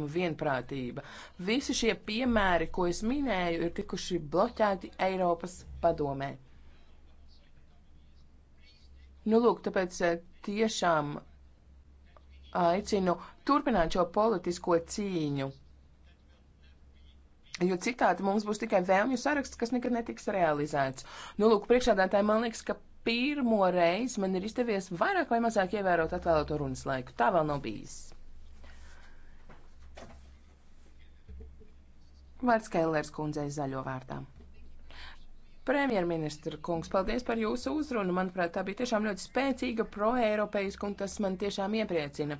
vienprātība. Visi šie piemēri, ko es minēju, ir tikuši bloķēti Eiropas padomē. Nu, lūk, tāpēc eh, tiešām aicinu turpināt šo politisko cīņu, jo citādi mums būs tikai vēlmju saraksts, kas nekad netiks realizēts. Nu, lūk, priekšādātāji, man liekas, ka pirmo reizi man ir izdevies vairāk vai mazāk ievērot atvēlēto runas laiku. Tā vēl nav bijis. Vārds Kēlērs kundzei zaļo vārdā. Premjerministra kungs, paldies par jūsu uzrunu. Manuprāt, tā bija tiešām ļoti spēcīga proeiropeiska, un tas man tiešām iepriecina,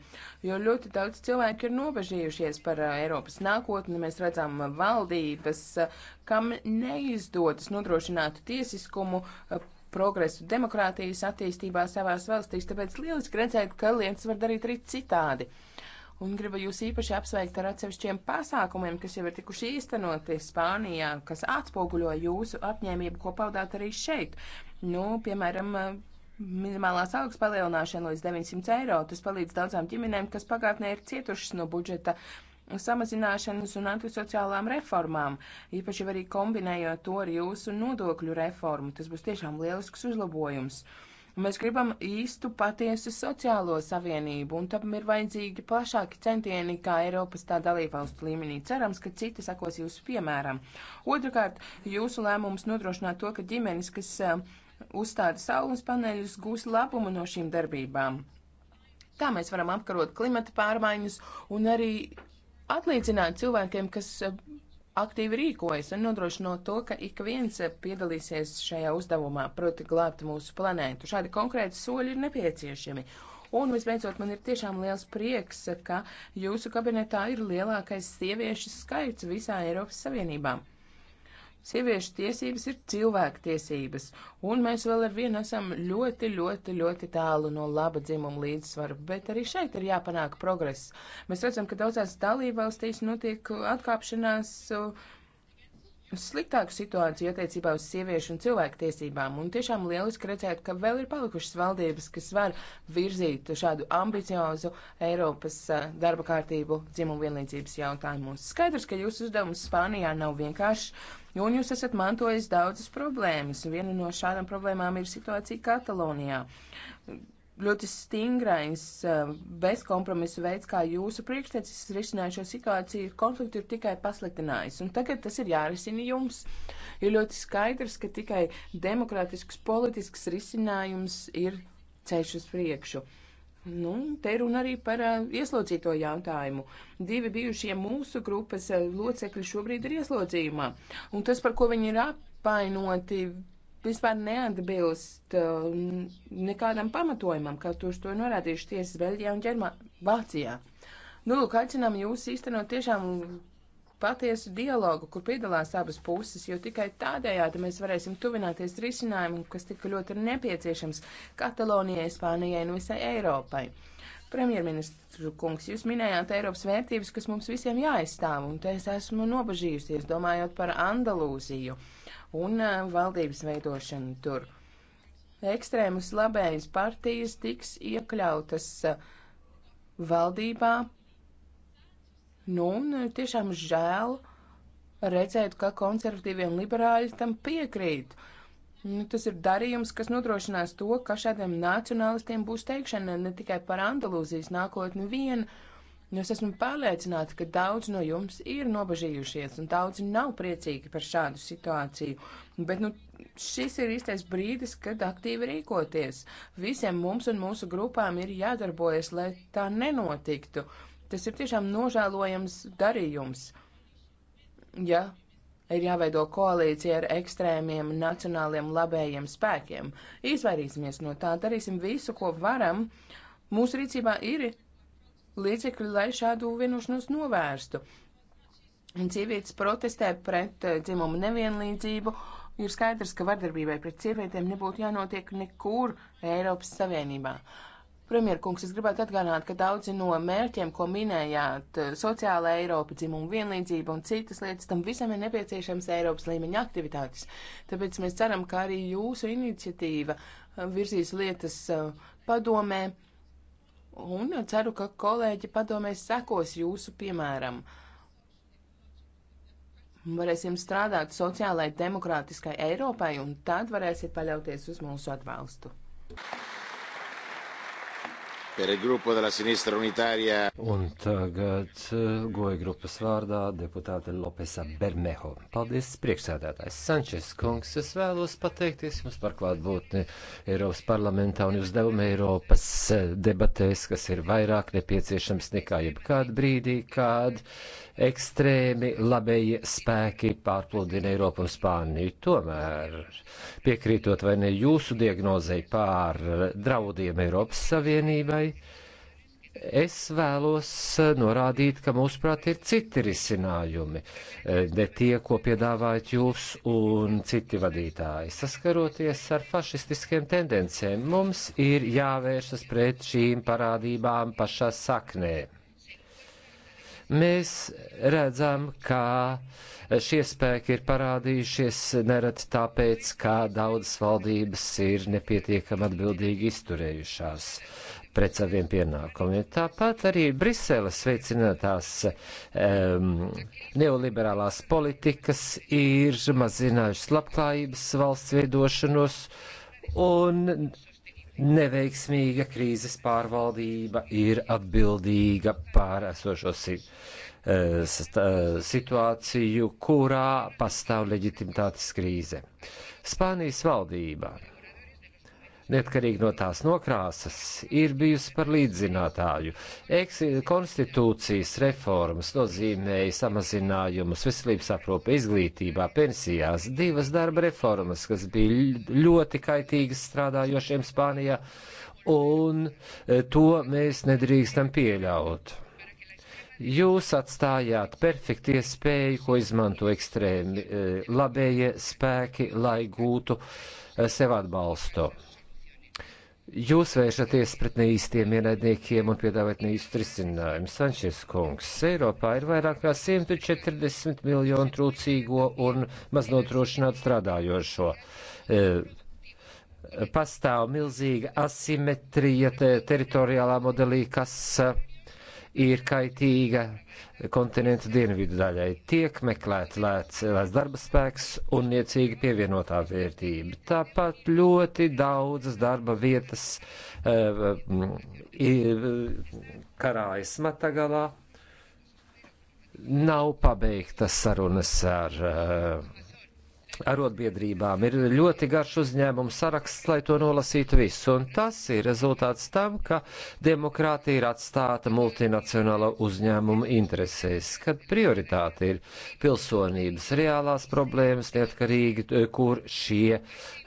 jo ļoti daudz cilvēku ir nobežījušies par uh, Eiropas nākotni. Mēs redzam valdības, uh, kam neizdodas nodrošināt tiesiskumu uh, progresu demokrātijas attīstībā savās valstīs, tāpēc lieliski redzēt, ka lietas var darīt arī citādi. Un gribu jūs īpaši apsveikt ar atsevišķiem pasākumiem, kas jau ir tikuši īstenoti Spānijā, kas atspoguļo jūsu apņēmību, ko paudāt arī šeit. Nu, piemēram, minimālās algas palielināšana līdz 900 eiro. Tas palīdz daudzām ģimenēm, kas pagātnē ir cietušas no budžeta samazināšanas un antisociālām reformām, īpaši arī kombinējot to ar jūsu nodokļu reformu. Tas būs tiešām lielisks uzlabojums. Uh, Mēs gribam īstu patiesu sociālo savienību, un tam ir vajadzīgi plašāki centieni kā Eiropas tā dalībvalstu līmenī. Cerams, ka citi sakos jūsu piemēram. Otrakārt, jūsu lēmums nodrošināt to, ka ģimenes, kas eh, uzstāda saules paneļus, gūs labumu no šīm darbībām. Tā mēs varam apkarot klimata pārmaiņas un arī atlīdzināt cilvēkiem, kas eh, aktīvi rīkojas un nodrošinot to, ka ik viens piedalīsies šajā uzdevumā, proti glābt mūsu planētu. Šādi konkrēti soļi ir nepieciešami. Un visbeidzot, man ir tiešām liels prieks, ka jūsu kabinetā ir lielākais sieviešu skaits visā Eiropas Savienībā. Sieviešu tiesības ir cilvēktiesības, un mēs vēl ar vienu esam ļoti, ļoti, ļoti tālu no laba dzimuma līdzsvaru, bet arī šeit ir jāpanāk progress. Mēs redzam, ka daudzās dalībvalstīs notiek atkāpšanās uh, sliktāku situāciju attiecībā uz sieviešu un cilvēku tiesībām, un tiešām lieliski redzēt, ka vēl ir palikušas valdības, kas var virzīt šādu ambiciozu Eiropas darba kārtību dzimumu vienlīdzības jautājumos. Skaidrs, ka jūsu uzdevums Spānijā nav vienkāršs, un jūs esat mantojis daudzas problēmas, un viena no šādām problēmām ir situācija Katalonijā ļoti stingrais, eh, bezkompromisu veids, kā jūsu priekštecis risināja šo situāciju, konfliktu ir tikai pasliktinājis. Un tagad tas ir jārisina jums. Ir ļoti skaidrs, ka tikai demokrātisks politisks risinājums ir ceļš uz priekšu. Nu, te runa arī par uh, ieslodzīto jautājumu. Divi bijušie mūsu grupas uh, locekļi šobrīd ir ieslodzījumā. Un tas, par ko viņi ir apvainoti, vispār neatbilst uh, nekādam pamatojumam, kā tur to norādījuši tiesas Beļģijā un Ģermā Vācijā. Nu, lūk, aicinām jūs īstenot tiešām patiesu dialogu, kur piedalās abas puses, jo tikai tādējādi mēs varēsim tuvināties risinājumu, kas tik ļoti ir nepieciešams Katalonijai, Spānijai un visai Eiropai. Premjerministru kungs, jūs minējāt Eiropas vērtības, kas mums visiem jāaizstāv, un te es esmu nobažījusies, domājot par Andalūziju. Uh, un eh, valdības veidošanu tur. Ekstrēmas labējas partijas tiks iekļautas eh, valdībā. Nu, un eh, tiešām žēl redzēt, ka konservatīvie un liberāļi tam piekrīt. Nu, tas ir darījums, kas nodrošinās to, ka šādiem nacionālistiem būs teikšana ne tikai par Andalūzijas nākotni vienu, Nu, es esmu pārliecināta, ka daudz no jums ir nobažījušies, un daudzi nav priecīgi par šādu situāciju. Bet nu, šis ir īstais brīdis, kad aktīvi rīkoties. Visiem mums un mūsu grupām ir jādarbojas, lai tā nenotiktu. Tas ir tiešām nožēlojams darījums. Ja ir jāveido koalīcija ar ekstrēmiem nacionāliem labējiem spēkiem, izvairīsimies no tā, darīsim visu, ko varam. Mūsu rīcībā ir līdzekļu, lai šādu vienošanos novērstu. Un sievietes protestē pret eh, dzimumu nevienlīdzību. Ir skaidrs, ka vardarbībai pret sievietēm nebūtu jānotiek nekur Eiropas Savienībā. Premjerkungs, es gribētu atgādināt, ka daudzi no mērķiem, ko minējāt, eh, sociāla Eiropa, dzimuma vienlīdzība un citas lietas, tam visam ir nepieciešams Eiropas līmeņa aktivitātes. Tāpēc mēs ceram, ka arī jūsu iniciatīva eh, virzīs lietas padomē un ceru, ka kolēģi padomēs sekos jūsu piemēram. Varēsim strādāt sociālai demokrātiskai Eiropai, un tad varēsiet paļauties uz mūsu atbalstu. Thank you. Un tagad eh, goja grupas vārdā deputāte Lopesa Bermeho. Paldies, priekšsēdētājs Sančes kungs. Es vēlos pateikties jums par klātbūtni Eiropas parlamentā un jūs devumu Eiropas eh, debatēs, kas ir vairāk nepieciešams nekā jebkād brīdī, kād ekstrēmi labējie spēki pārplūdina Eiropu un Spāniju. Tomēr, piekrītot vai ne jūsu diagnozei pār draudiem Eiropas Savienībai, priekšsēdētāji. Es vēlos eh, norādīt, ka mūsuprāt ir citi risinājumi, eh, ne tie, ko piedāvājat jūs un citi vadītāji. Saskaroties ar fašistiskiem tendencēm, mums ir jāvēršas pret šīm parādībām pašā saknē. Mēs redzam, ka šie spēki ir parādījušies nereti tāpēc, ka daudzas valdības ir nepietiekami atbildīgi izturējušās pret saviem pienākumiem. Tāpat arī Briseles veicinātās um, neoliberālās politikas ir mazinājušas labklājības valsts veidošanos un neveiksmīga krīzes pārvaldība ir atbildīga par esošo eh, eh, situāciju, kurā pastāv leģitimitātes krīze. Spānijas valdībā neatkarīgi no tās nokrāsas, ir bijusi par līdzinātāju. Eks konstitūcijas reformas nozīmēja samazinājumus veselības aprūpe, izglītībā, pensijās, divas darba reformas, kas bija ļoti kaitīgas strādājošiem Spānijā, un e, to mēs nedrīkstam pieļaut. Jūs atstājāt perfektu iespēju, ko izmanto ekstrēmi e, labējie spēki, lai gūtu e, sev atbalstu Jūs vēršaties pret neīstiem ienaidniekiem un piedāvājat neīstu risinājumu. Sančers kungs, Eiropā ir vairāk kā 140 miljonu trūcīgo un maznodrošinātu strādājošo. E, pastāv milzīga asimetrija te, teritoriālā modelī, kas. E, ir kaitīga kontinentu dienvidu daļai. Tiek meklēts lēts, lēts darba spēks un niecīgi pievienotā vērtība. Tāpat ļoti daudzas darba vietas uh, karājas matagalā. Nav pabeigtas sarunas ar uh, arotbiedrībām. Ir ļoti garš uzņēmumu saraksts, lai to nolasītu visu, un tas ir rezultāts tam, ka demokrātija ir atstāta multinacionālo uzņēmumu interesēs, kad prioritāte ir pilsonības reālās problēmas, neatkarīgi, kur šie uh,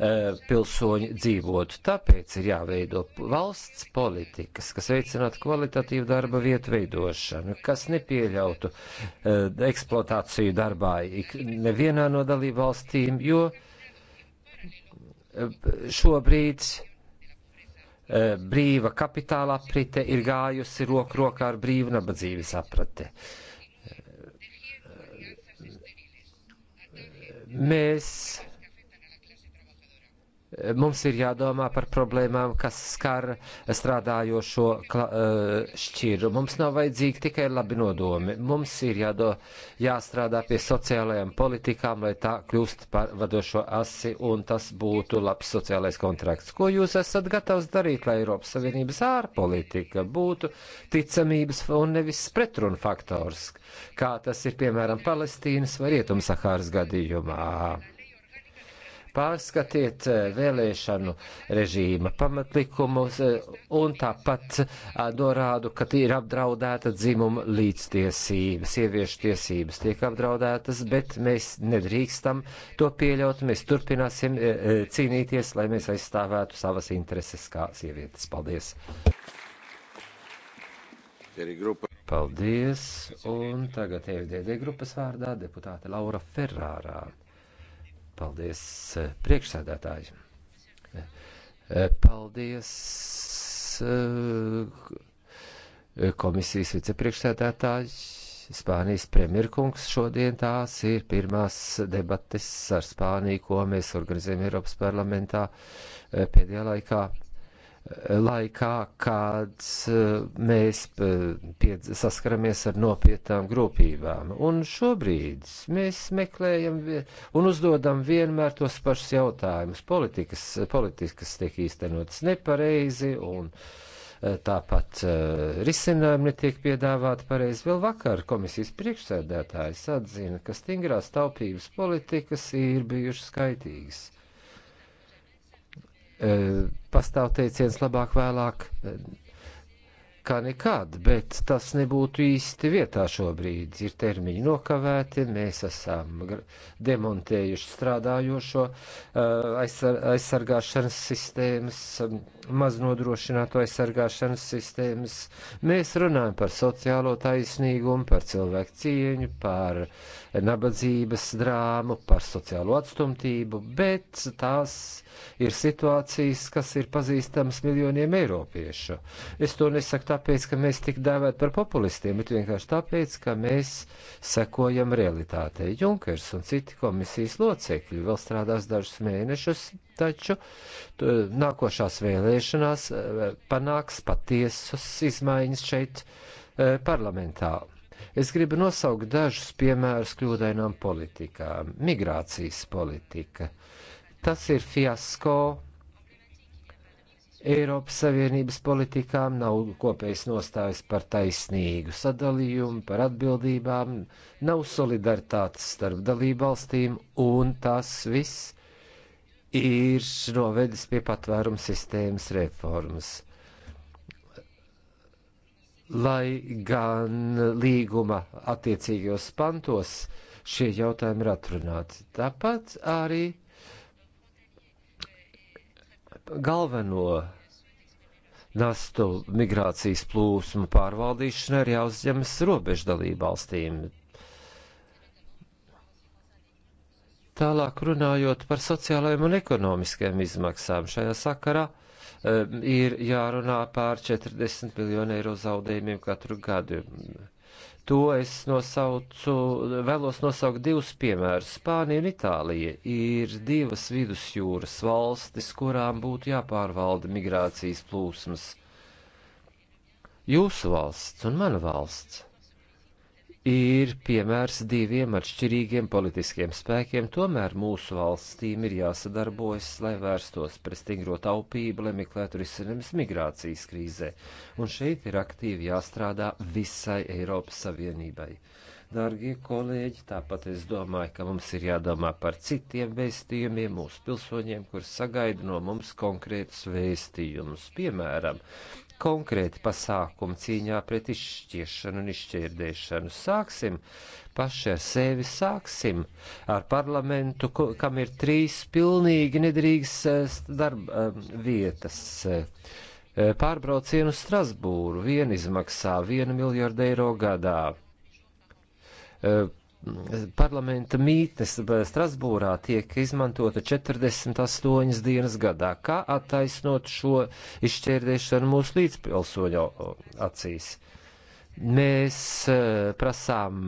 pilsoņi dzīvotu. Tāpēc ir jāveido valsts politikas, kas veicinātu kvalitatīvu darba vietu veidošanu, kas nepieļautu uh, eksploatāciju darbā ik nevienā no dalību valstī, valstīm, jo eh, šobrīd eh, brīva kapitāla aprite ir gājusi roku rokā ar brīvu nabadzības aprate. Eh, mēs Mums ir jādomā par problēmām, kas skar strādājošo e, šķiru. Mums nav vajadzīgi tikai labi nodomi. Mums ir jādo, jāstrādā pie sociālajām politikām, lai tā kļūst par vadošo asi un tas būtu labs sociālais kontrakts. Ko jūs esat gatavs darīt, lai Eiropas Savienības ārpolitika būtu ticamības un nevis pretrunu faktors, kā tas ir piemēram Palestīnas vai Rietumsahāras gadījumā? Pārskatiet eh, vēlēšanu režīma pamatlikumus eh, un tāpat eh, norādu, ka ir apdraudēta dzimuma līdztiesība, sieviešu tiesības tiek apdraudētas, bet mēs nedrīkstam to pieļaut. Mēs turpināsim cīnīties, lai mēs aizstāvētu savas intereses kā sievietes. Paldies! Paldies! Un tagad FDD grupas vārdā deputāte Laura Ferrārā. Paldies, eh, priekšsēdētāji. Eh, eh, paldies komisijas vicepriekšsēdētāji. Spānijas premjerkungs šodien tās ir pirmās debates ar Spāniju, ko mēs organizējam Eiropas parlamentā pēdējā laikā laikā, kad eh, mēs eh, saskaramies ar nopietnām grūtībām. Un šobrīd mēs meklējam un uzdodam vienmēr tos pašus jautājumus. Politikas, politikas tiek īstenotas nepareizi un eh, tāpat risinājumi netiek piedāvāti pareizi. Vēl vakar komisijas priekšsēdētājs atzina, ka stingrās taupības politikas ir bijušas skaitīgas E, pastāv teiciens labāk vēlāk e, kā nekad, bet tas nebūtu īsti vietā šobrīd. Ir termiņi nokavēti, mēs esam demontējuši strādājošo e, aizsargāšanas sistēmas maz nodrošināto aizsargāšanas sistēmas. Mēs runājam par sociālo taisnīgumu, par cilvēku cieņu, par nabadzības drāmu, par sociālo atstumtību, bet tās ir situācijas, kas ir pazīstamas miljoniem eiropiešu. Es to nesaku tāpēc, ka mēs tik dēvēt par populistiem, bet vienkārši tāpēc, ka mēs sekojam realitātei. Junkers un citi komisijas locekļi vēl strādās dažus mēnešus taču nākošās vēlēšanās e, panāks patiesus izmaiņas šeit e, parlamentā. Es gribu nosaukt dažus piemērus kļūdainām politikām. Migrācijas politika. Tas ir fiasko. Eiropas Savienības politikām nav kopējas nostājas par taisnīgu sadalījumu, par atbildībām, nav solidaritātes starp dalību valstīm, un tas viss ir novedis pie patvērumu sistēmas reformas. Lai gan līguma attiecīgos pantos šie jautājumi ir atrunāti. Tāpat arī galveno nastu migrācijas plūsmu pārvaldīšana ir jāuzņemas robežu dalību valstīm. Tālāk runājot par sociālajiem un ekonomiskajiem izmaksām šajā sakarā ir jārunā pār 40 miljonu eiro zaudējumiem katru gadu. To es nosaucu, vēlos nosaukt divus piemērus. Spānija un Itālija ir divas vidusjūras valstis, kurām būtu jāpārvalda migrācijas plūsmas. Jūsu valsts un mana valsts ir piemērs diviem atšķirīgiem politiskiem spēkiem, tomēr mūsu valstīm ir jāsadarbojas, lai vērstos pret stingro taupību, lai meklētu risinājumus migrācijas krīzē, un šeit ir aktīvi jāstrādā visai Eiropas Savienībai. Dārgie kolēģi, tāpat es domāju, ka mums ir jādomā par citiem vēstījumiem mūsu pilsoņiem, kur sagaida no mums konkrētus vēstījumus. Piemēram, konkrēti pasākumi cīņā pret izšķiešanu un izšķērdēšanu. Sāksim paši ar sevi, sāksim ar parlamentu, kam ir trīs pilnīgi nedrīgas eh, darba eh, vietas. Eh, pārbraucienu Strasbūru vien izmaksā 1 miljardu eiro gadā Nu. parlamenta mītnes Strasbūrā tiek izmantota 48 dienas gadā, kā attaisnot šo izšķērdēšanu mūsu līdzpilsoņu acīs. Mēs eh, prasām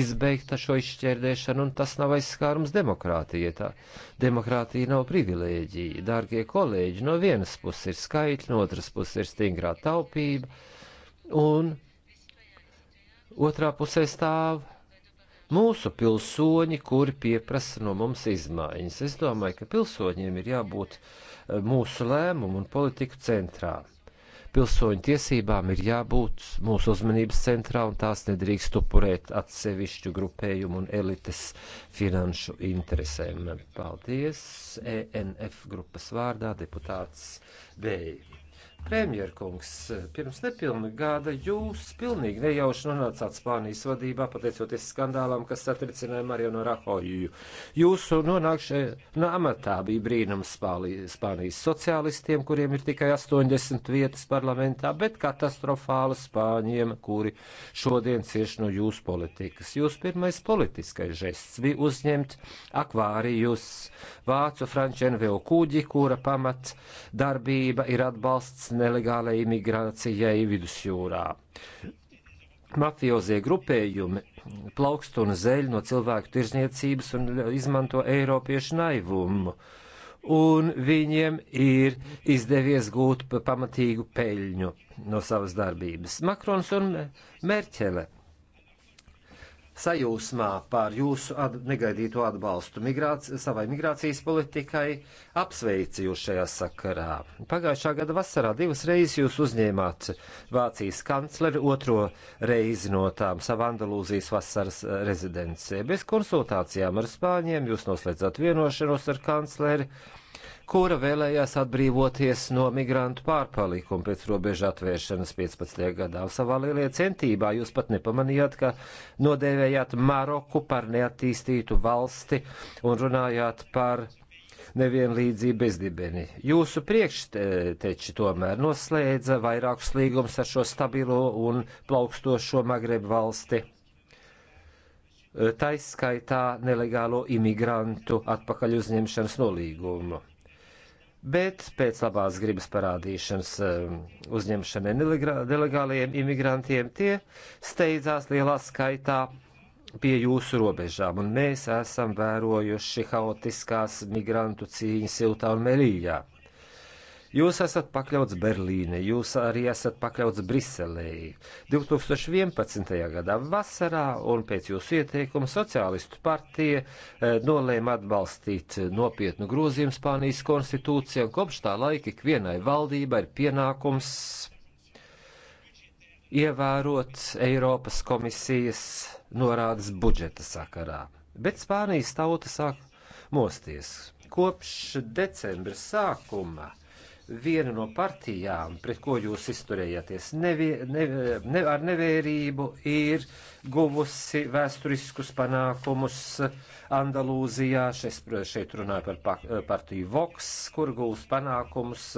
izbeigt šo izšķērdēšanu, un tas nav aizskārums demokrātijai. Tā demokrātija nav privilēģija. Dārgie kolēģi, no vienas puses ir skaitļi, no otras puses ir stingrā taupība, un otrā pusē stāv mūsu pilsoņi, kuri pieprasa no mums izmaiņas. Es domāju, ka pilsoņiem ir jābūt eh, mūsu lēmumu un politiku centrā. Pilsoņu tiesībām ir jābūt mūsu uzmanības centrā, un tās nedrīkst upurēt atsevišķu grupējumu un elites finanšu interesēm. Paldies! ENF grupas vārdā deputāts Bēja. Premjerkungs, pirms nepilna gada jūs pilnīgi nejauši nonācāt Spānijas vadībā, pateicoties skandālam, kas satricināja Marionu Rahoju. Jūsu nonākšana amatā bija brīnums Spānijas sociālistiem, kuriem ir tikai 80 vietas parlamentā, bet katastrofāla Spāņiem, kuri šodien cieši no jūsu politikas. Jūsu pirmais politiskais žests bija uzņemt akvārijus vācu franču NVO kuģi, kura pamat darbība ir atbalsts nelegālai imigrācijai vidusjūrā. Mafiozie grupējumi plaukst un zeļ no cilvēku tirzniecības un izmanto eiropiešu naivumu, un viņiem ir izdevies gūt pamatīgu peļņu no savas darbības. Makrons un Merķele sajūsmā par jūsu at negaidīto atbalstu migrāci savai migrācijas politikai, apsveicu jūs šajā sakarā. Pagājušā gada vasarā divas reizes jūs uzņēmāt Vācijas kancleri, otro reizi no tām savā Andalūzijas vasaras eh, rezidencē. Bez konsultācijām ar spāņiem jūs noslēdzat vienošanos ar kancleri kura vēlējās atbrīvoties no migrantu pārpalikuma pēc robežu atvēršanas 15. gadā. Un savā lielajā centībā jūs pat nepamanījāt, ka nodēvējāt Maroku par neattīstītu valsti un runājāt par nevienlīdzību bezdibeni. Jūsu priekšteči tomēr noslēdza vairākus līgumus ar šo stabilo un plaukstošo Magrebu valsti taiskaitā nelegālo imigrantu atpakaļ uzņemšanas nolīgumu bet pēc labās gribas parādīšanas um, uzņemšanai nelegāliem imigrantiem tie steidzās lielā skaitā pie jūsu robežām, un mēs esam vērojuši haotiskās migrantu cīņas Siltā un Melījā. Jūs esat pakļauts Berlīne, jūs arī esat pakļauts Briselē. 2011. gadā vasarā un pēc jūsu ieteikuma Socialistu partija eh, nolēma atbalstīt nopietnu grozījumu Spānijas konstitūcijā, un kopš tā laika ikvienai valdībai ir pienākums ievērot Eiropas komisijas norādes budžeta sakarā. Bet Spānijas tauta sāk mosties. Kopš decembra sākuma viena no partijām, pret ko jūs izturējāties nevi, ne, ne, ar nevērību, ir guvusi vēsturiskus panākumus Andalūzijā. Šeit, šeit runāju par partiju Vox, kur gūs panākumus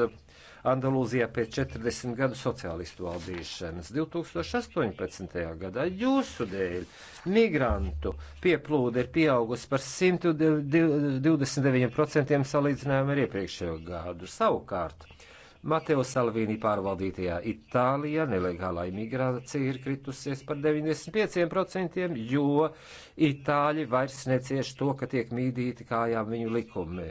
Andalūzijā pēc 40 gadu sociālistu valdīšanas. 2018. gadā jūsu dēļ migrantu pieplūde ir pieaugusi par 129% salīdzinājumā ar iepriekšējo gadu. Savukārt Mateo Salvīni pārvaldītajā Itālijā nelegālā imigrācija ir kritusies par 95%, jo Itāļi vairs necieš to, ka tiek mīdīti kājām viņu likumē.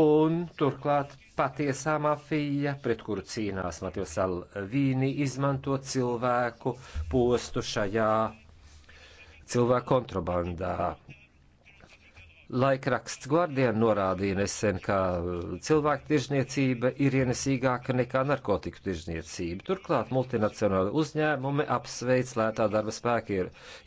Un turklāt patiesā mafija, pret kuru cīnās Mateo Salvīni, izmanto cilvēku postu šajā cilvēku kontrabandā. Laikraksts Guardian norādīja nesen, ka cilvēku tirzniecība ir ienesīgāka nekā narkotiku tirzniecība. Turklāt multinacionāli uzņēmumi apsveic lētā darba spēka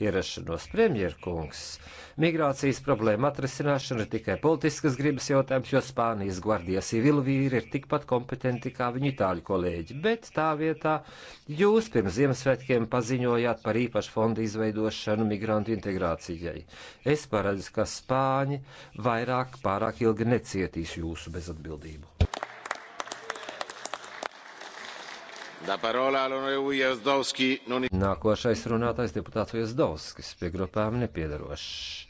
ierašanos premjerkungs. Uh, Migrācijas problēma atrisināšana ir tikai politiskas gribas jautājums, jo Spānijas gvardijas civilvīri ir tikpat kompetenti kā viņu itāļu kolēģi, bet tā vietā jūs pirms Ziemassvētkiem paziņojāt par īpašu fondu izveidošanu migrantu integrācijai. Es paredzu, ka Spāņi vairāk pārāk ilgi necietīs jūsu bezatbildību. Parola, Nākošais runātais deputāts Viesdovskis, pie grupām nepiedarošs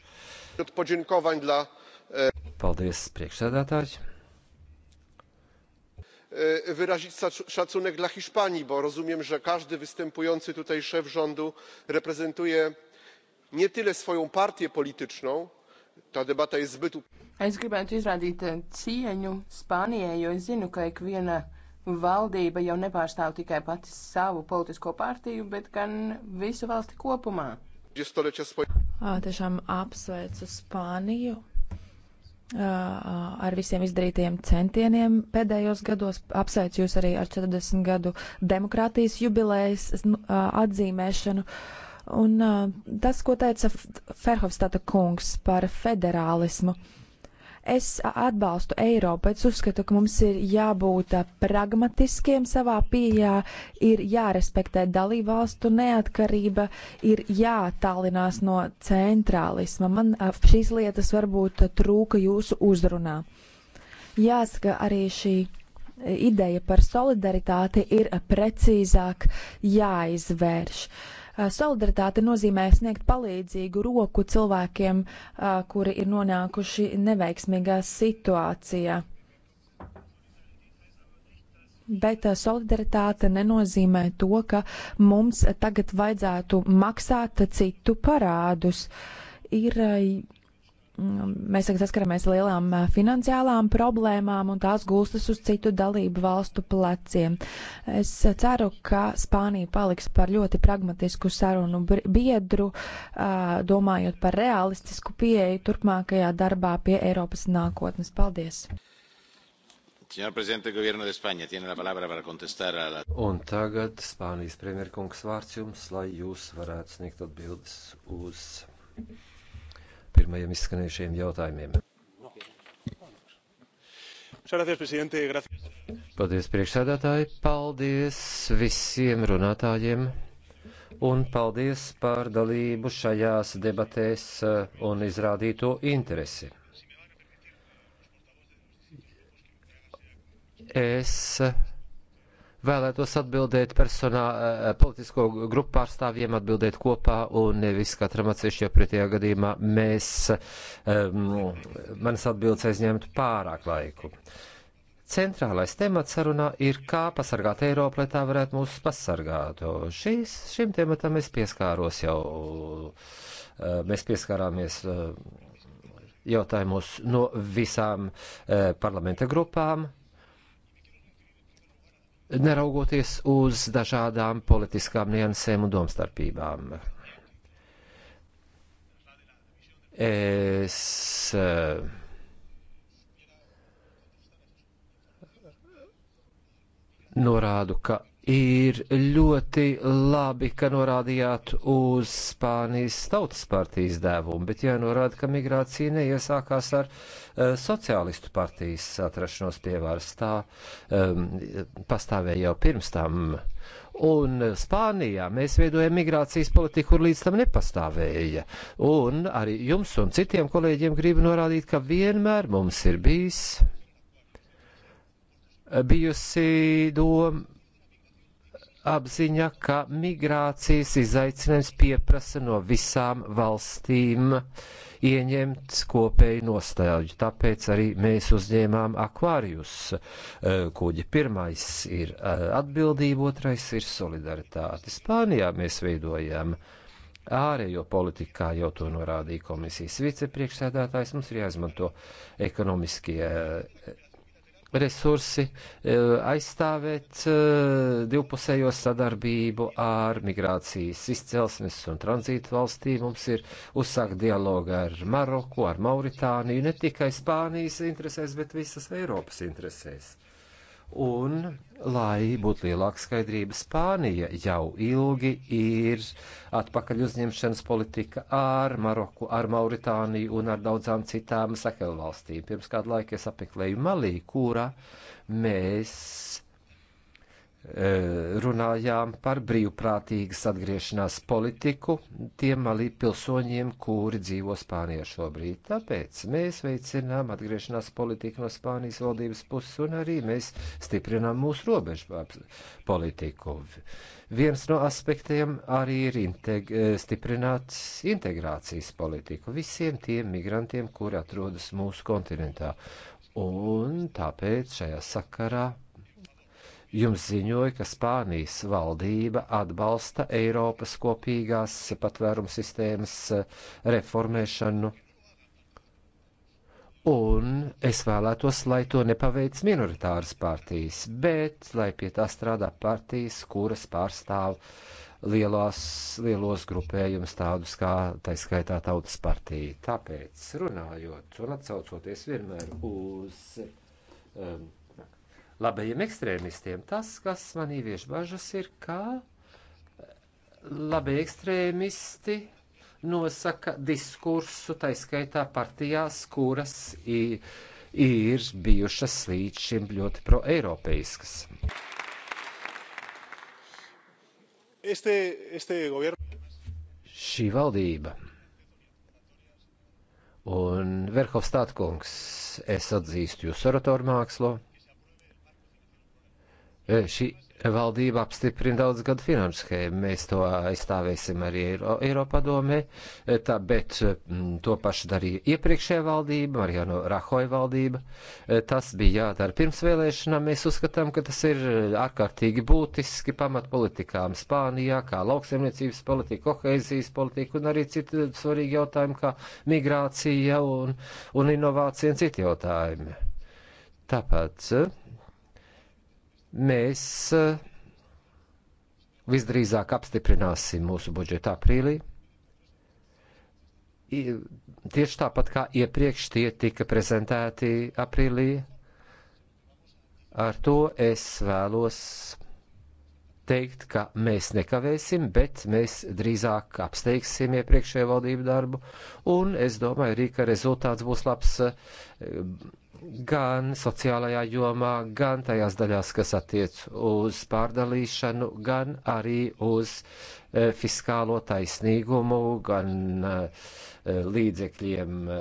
zacznę od podziękowań dla. E, Paldies, priekšsēdētājs. E, wyrazić szacunek dla Hiszpanii, bo rozumiem, że każdy występujący tutaj szef rządu reprezentuje nie tyle swoją partię polityczną, tā debata ir zbyt. Es gribētu izrādīt e, cieņu Spānijai, jo es zinu, ka ikviena valdība jau nepārstāv tikai pati savu politisko partiju, bet gan visu valsti kopumā. Ah, tiešām apsveicu Spāniju ah, ah, ar visiem izdarītajiem centieniem pēdējos gados. Apsveicu jūs arī ar 40 gadu demokrātijas jubilejas nu, atzīmēšanu. Un tas, ko teica Ferhofstata kungs par federālismu. Uh, Es atbalstu Eiropu, bet uzskatu, ka mums ir jābūt pragmatiskiem savā pieejā, ir jārespektē dalībvalstu neatkarība, ir jātālinās no centrālisma. Man šīs lietas varbūt trūka jūsu uzrunā. Jāsaka, arī šī ideja par solidaritāti ir precīzāk jāizvērš. Uh, Solidaritāte nozīmē sniegt palīdzīgu roku cilvēkiem, kuri ir nonākuši neveiksmīgā situācijā. Bet solidaritāte nenozīmē to, ka mums tagad vajadzētu maksāt citu parādus. Ir Mm, mēs tagad saskaramies lielām finansiālām problēmām, un tās gulstas uz citu dalību valstu pleciem. Es ceru, ka Spānija paliks par ļoti pragmatisku sarunu biedru, domājot par realistisku pieeju turpmākajā darbā pie Eiropas nākotnes. Paldies! Señor presidente del Gobierno de España, tiene la palabra para contestar a la. Un tagad Spānijas premjerkungs vārds jums, lai jūs varētu sniegt atbildes uz pirmajiem izskanējušajiem jautājumiem. Paldies, priekšsēdētāji, paldies visiem runātājiem un paldies par dalību šajās debatēs eh, un izrādīto interesi. Es vēlētos atbildēt personā, eh, politisko grupu pārstāvjiem atbildēt kopā un nevis katram atsevišķi, jo pretējā gadījumā mēs, um, manas atbildes aizņemtu pārāk laiku. Centrālais temats sarunā ir, kā pasargāt Eiropu, lai tā varētu mūs pasargāt. Šīs, šim tematam es pieskāros jau, eh, mēs pieskārāmies eh, jautājumos no visām parlamenta grupām, neraugoties uz dažādām politiskām niansēm un domstarpībām. Es eh, norādu, ka Ir ļoti labi, ka norādījāt uz Spānijas tautas partijas dēvumu, bet jānorāda, ka migrācija neiesākās ar uh, sociālistu partijas atrašanos pie varas. Tā um, pastāvēja jau pirms tam. Un Spānijā mēs veidojam migrācijas politiku, kur līdz tam nepastāvēja. Un arī jums un citiem kolēģiem gribu norādīt, ka vienmēr mums ir bijis eh, bijusi doma apziņa, ka migrācijas izaicinājums pieprasa no visām valstīm ieņemt kopēju nostāju. Tāpēc arī mēs uzņēmām akvārijus e, kuģi. Pirmais ir e, atbildība, otrais ir solidaritāte. Spānijā mēs veidojam ārējo politikā jau to norādīja komisijas vicepriekšsēdētājs. Mums ir jāizmanto ekonomiskie e, resursi eh, aizstāvēt eh, divpusējo sadarbību ar migrācijas izcelsmes un tranzītu valstī. Mums ir uzsākt dialogu ar Maroku, ar Mauritāniju, ne tikai Spānijas interesēs, bet visas Eiropas interesēs. Un, lai būtu lielāka skaidrība, Spānija jau ilgi ir atpakaļ uzņemšanas politika ar Maroku, ar Mauritāniju un ar daudzām citām Sahel valstīm. Pirms kādu laiku es apmeklēju Malī, kurā mēs Eh, runājām par brīvprātīgas atgriešanās politiku tiem malī pilsoņiem, kuri dzīvo Spānijā šobrīd. Tāpēc mēs veicinām atgriešanās politiku no Spānijas valdības puses un arī mēs stiprinām mūsu robežu politiku. Viens no aspektiem arī ir integ eh, stiprināt integrācijas politiku visiem tiem migrantiem, kuri atrodas mūsu kontinentā. Un tāpēc šajā sakarā jums ziņoja, ka Spānijas valdība atbalsta Eiropas kopīgās patvērums sistēmas eh, reformēšanu. Un es vēlētos, lai to nepaveic minoritāras partijas, bet lai pie tā strādā partijas, kuras pārstāv lielās, lielos grupējumus tādus kā tā skaitā tautas partija. Tāpēc runājot un atsaucoties vienmēr uz um, labajiem ekstrēmistiem. Tas, kas man ievieš bažas, ir, kā labie ekstrēmisti nosaka diskursu, tā skaitā partijās, kuras ir, ir bijušas līdz šim ļoti proeiropeiskas. Este, este gobierno... Šī valdība un Verhofstādkungs, es atzīstu jūsu oratoru mākslu E, šī valdība apstiprina daudz gadu finanšu schēmu. Mēs to aizstāvēsim arī Eiro, Eiropadomē, e, tā, bet e, to pašu darīja iepriekšējā valdība, Mariano Rahoja valdība. Tas bija jādara pirms vēlēšanām. Mēs uzskatām, ka tas ir ārkārtīgi būtiski pamatpolitikām Spānijā, kā lauksaimniecības politika, kohēzijas politika un arī citi svarīgi jautājumi, kā migrācija un, un inovācija un citi jautājumi. Tāpēc mēs eh, visdrīzāk apstiprināsim mūsu budžetu aprīlī. Tieši tāpat kā iepriekš tie tika prezentēti aprīlī, ar to es vēlos teikt, ka mēs nekavēsim, bet mēs drīzāk apsteigsim iepriekšējo valdību darbu, un es domāju arī, ka rezultāts būs labs eh, gan sociālajā jomā, gan tajās daļās, kas attiec uz pārdalīšanu, gan arī uz e, fiskālo taisnīgumu, gan e, līdzekļiem e,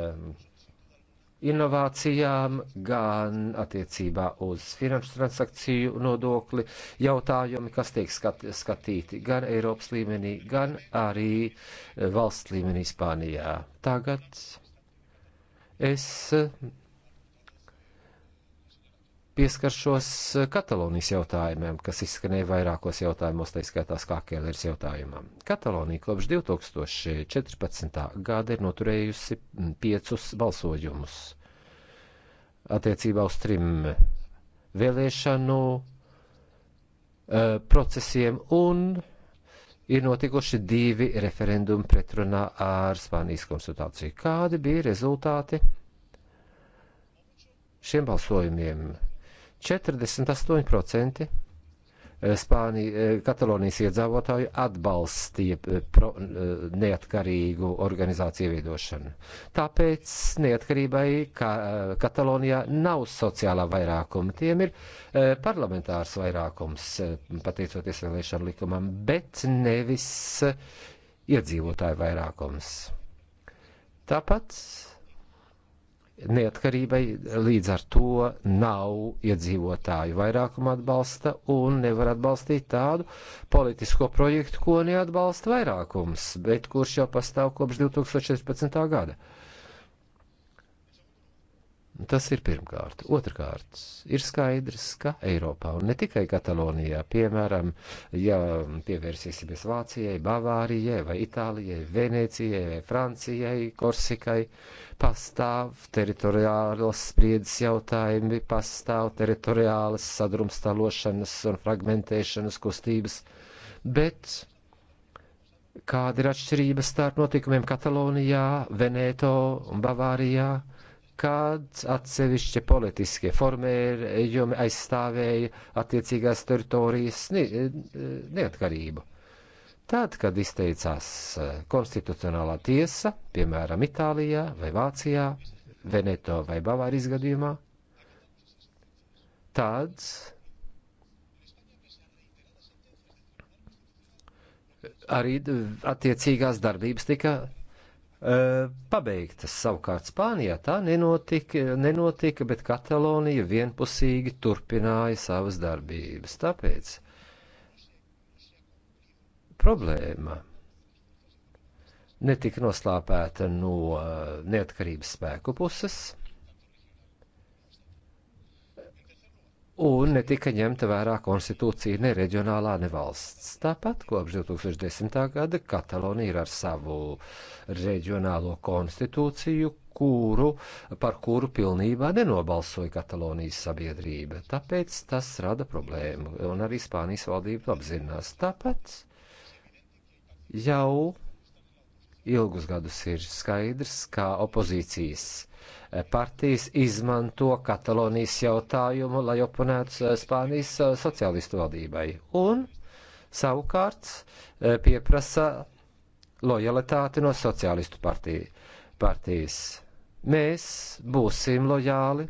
inovācijām, gan attiecībā uz finanšu transakciju nodokli, jautājumi, kas tiek skat, skatīti gan Eiropas līmenī, gan arī valsts līmenī Spānijā. Tagad es pieskaršos eh, Katalonijas jautājumiem, kas izskanēja vairākos jautājumos, tā izskaitās kā Kēlers jautājumam. Katalonija kopš 2014. gada ir noturējusi piecus balsojumus attiecībā uz trim eh, vēlēšanu uh, procesiem un ir notikuši divi referendumi pretrunā ar Spānijas konstitūciju. Kādi bija rezultāti šiem balsojumiem? 48% eh, Spāni, eh, Katalonijas iedzīvotāju atbalstīja eh, pro, neatkarīgu organizāciju ievietošanu. Tāpēc neatkarībai ka, Katalonijā nav sociālā vairākuma. Tiem ir parlamentārs vairākums, pateicoties vēlēšanu likumam, bet nevis iedzīvotāju vairākums. Tāpat neatkarībai līdz ar to nav iedzīvotāju vairākuma atbalsta un nevar atbalstīt tādu politisko projektu, ko neatbalsta vairākums, bet kurš jau pastāv kopš 2014. gada. Tas ir pirmkārt. Otrkārt, ir skaidrs, ka Eiropā un ne tikai Katalonijā, piemēram, ja pievērsīsimies Vācijai, Bavārijai vai Itālijai, Venecijai vai Francijai, Korsikai, pastāv teritoriālas spriedzes jautājumi, pastāv teritoriālas sadrumstalošanas un fragmentēšanas kustības, bet kāda ir atšķirība starp notikumiem Katalonijā, Veneto un Bavārijā? kad atsevišķi politiskie formējumi aizstāvēja attiecīgās teritorijas ne, neatkarību. Tad, kad izteicās e, konstitucionālā tiesa, piemēram, Itālijā vai Vācijā, Veneto vai Bavārijas gadījumā, tad arī attiecīgās darbības tika Eh, pabeigtas. Savukārt Spānijā tā nenotika, nenotika, bet Katalonija vienpusīgi turpināja savas darbības. Tāpēc problēma netika noslāpēta no eh, neatkarības spēku puses un netika ņemta vērā konstitūcija ne reģionālā, ne valsts. Tāpat kopš 2010. gada Katalonija ir ar savu reģionālo konstitūciju, kuru, par kuru pilnībā nenobalsoja Katalonijas sabiedrība. Tāpēc tas rada problēmu, un arī Spānijas valdība apzinās. Tāpat jau ilgus gadus ir skaidrs, ka opozīcijas partijas izmanto Katalonijas jautājumu, lai oponētu Spānijas sociālistu valdībai. Un savukārt eh, pieprasa lojalitāti no sociālistu partij, partijas. Mēs būsim lojāli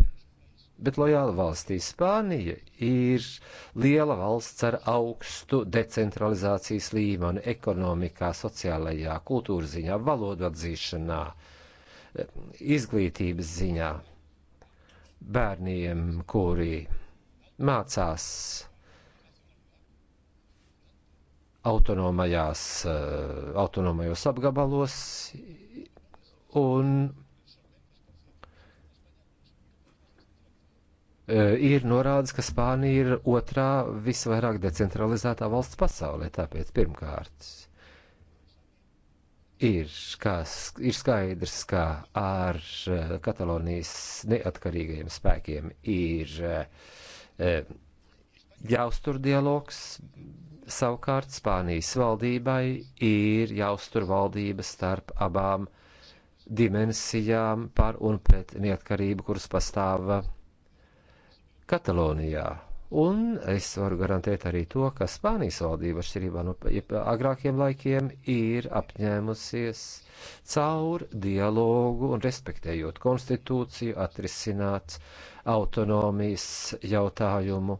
bet lojāla valstī Spānija ir liela valsts ar augstu decentralizācijas līmeni ekonomikā, sociālajā, kultūras ziņā, valodu atzīšanā. Uh, izglītības ziņā bērniem, kuri mācās autonomajās, eh, autonomajos apgabalos un eh, ir norādes, ka Spānija ir otrā visvairāk decentralizētā valsts pasaulē, tāpēc pirmkārt ir, kā, ir skaidrs, ka ar eh, Katalonijas neatkarīgajiem spēkiem ir eh, jāuztur dialogs. Savukārt Spānijas valdībai ir jāuztur valdība starp abām dimensijām par un pret neatkarību, kuras pastāv Katalonijā. Un es varu garantēt arī to, ka Spānijas valdība, atšķirībā no agrākiem laikiem, ir apņēmusies caur dialogu un respektējot konstitūciju atrisināt autonomijas jautājumu.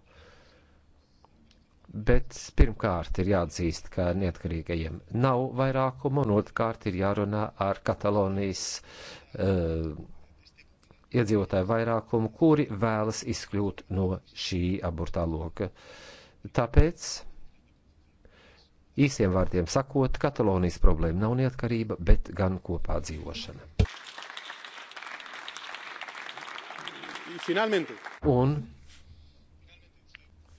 Bet pirmkārt ir jāatzīst, ka neatkarīgajiem nav vairākuma, un otrkārt ir jārunā ar Katalonijas. Uh, iedzīvotāju vairākumu, kuri vēlas izkļūt no šī abortā loka. Tāpēc, īsiem vārdiem sakot, Katalonijas problēma nav neatkarība, bet gan kopā dzīvošana. Finalmente. Un